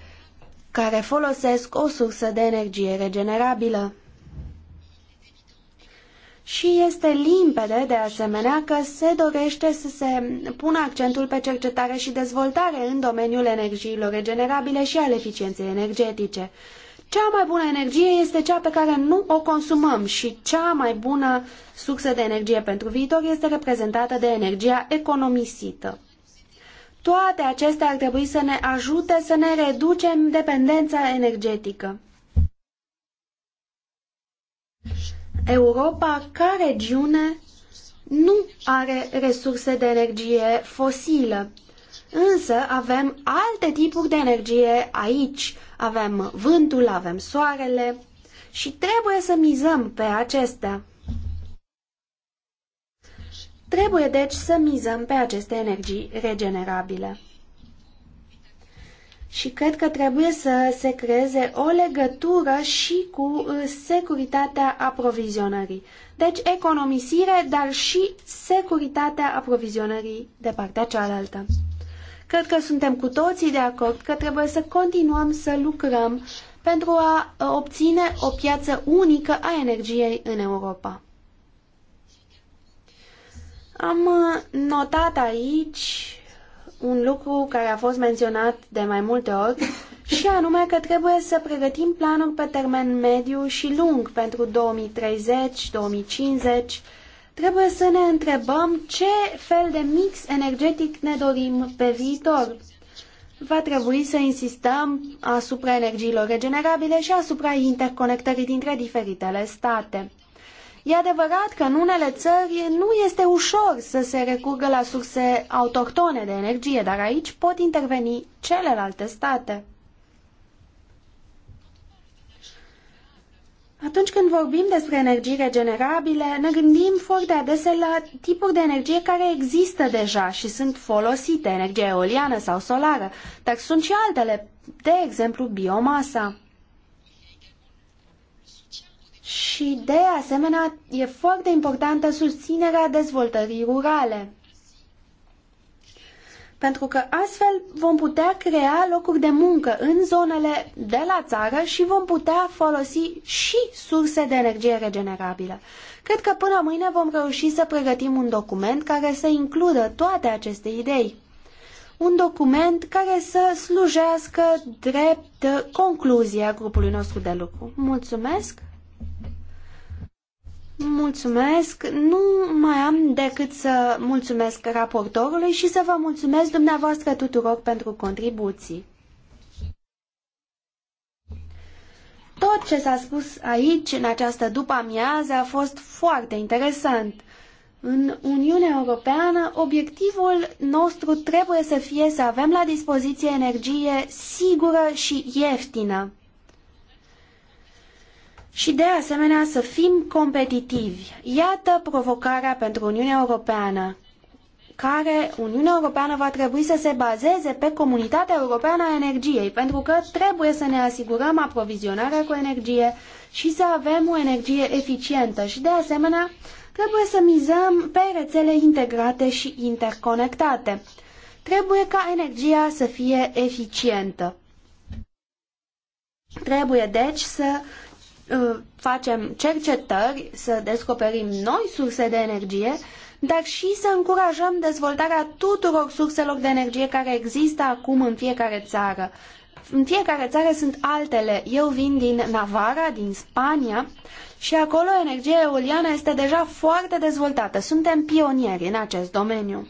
care folosesc o sursă de energie regenerabilă. Și este limpede, de asemenea, că se dorește să se pună accentul pe cercetare și dezvoltare în domeniul energiilor regenerabile și al eficienței energetice. Cea mai bună energie este cea pe care nu o consumăm și cea mai bună sursă de energie pentru viitor este reprezentată de energia economisită. Toate acestea ar trebui să ne ajute să ne reducem dependența energetică. Europa, ca regiune, nu are resurse de energie fosilă. Însă avem alte tipuri de energie aici. Avem vântul, avem soarele și trebuie să mizăm pe acestea. Trebuie deci să mizăm pe aceste energii regenerabile. Și cred că trebuie să se creeze o legătură și cu uh, securitatea aprovizionării. Deci economisire, dar și securitatea aprovizionării de partea cealaltă. Cred că suntem cu toții de acord că trebuie să continuăm să lucrăm pentru a uh, obține o piață unică a energiei în Europa. Am uh, notat aici un lucru care a fost menționat de mai multe ori și anume că trebuie să pregătim planuri pe termen mediu și lung pentru 2030, 2050. Trebuie să ne întrebăm ce fel de mix energetic ne dorim pe viitor. Va trebui să insistăm asupra energiilor regenerabile și asupra interconectării dintre diferitele state. E adevărat că în unele țări nu este ușor să se recurgă la surse autohtone de energie, dar aici pot interveni celelalte state. Atunci când vorbim despre energii regenerabile, ne gândim foarte adesea la tipuri de energie care există deja și sunt folosite, energia eoliană sau solară, dar sunt și altele, de exemplu biomasa și, de asemenea, e foarte importantă susținerea dezvoltării rurale. Pentru că astfel vom putea crea locuri de muncă în zonele de la țară și vom putea folosi și surse de energie regenerabilă. Cred că până mâine vom reuși să pregătim un document care să includă toate aceste idei. Un document care să slujească drept concluzia grupului nostru de lucru. Mulțumesc! Mulțumesc. Nu mai am decât să mulțumesc raportorului și să vă mulțumesc dumneavoastră tuturor pentru contribuții. Tot ce s-a spus aici, în această după-amiază, a fost foarte interesant. În Uniunea Europeană, obiectivul nostru trebuie să fie să avem la dispoziție energie sigură și ieftină și de asemenea să fim competitivi. Iată provocarea pentru Uniunea Europeană, care Uniunea Europeană va trebui să se bazeze pe comunitatea europeană a energiei, pentru că trebuie să ne asigurăm aprovizionarea cu energie și să avem o energie eficientă și de asemenea trebuie să mizăm pe rețele integrate și interconectate. Trebuie ca energia să fie eficientă. Trebuie deci să Uh, facem cercetări, să descoperim noi surse de energie, dar și să încurajăm dezvoltarea tuturor surselor de energie care există acum în fiecare țară. În fiecare țară sunt altele. Eu vin din Navara, din Spania, și acolo energia eoliană este deja foarte dezvoltată. Suntem pionieri în acest domeniu.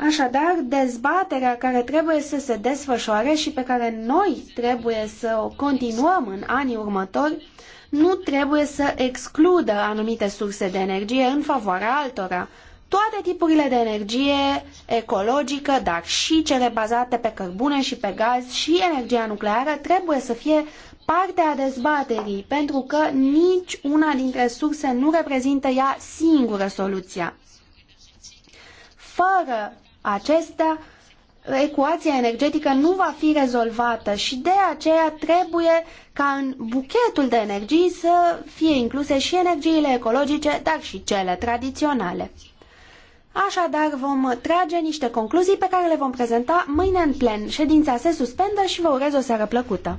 Așadar, dezbaterea care trebuie să se desfășoare și pe care noi trebuie să o continuăm în anii următori nu trebuie să excludă anumite surse de energie în favoarea altora. Toate tipurile de energie ecologică, dar și cele bazate pe cărbune și pe gaz și energia nucleară trebuie să fie parte a dezbaterii, pentru că nici una dintre surse nu reprezintă ea singură soluția. Fără acestea, ecuația energetică nu va fi rezolvată și de aceea trebuie ca în buchetul de energii să fie incluse și energiile ecologice, dar și cele tradiționale. Așadar, vom trage niște concluzii pe care le vom prezenta mâine în plen. Ședința se suspendă și vă urez o seară plăcută!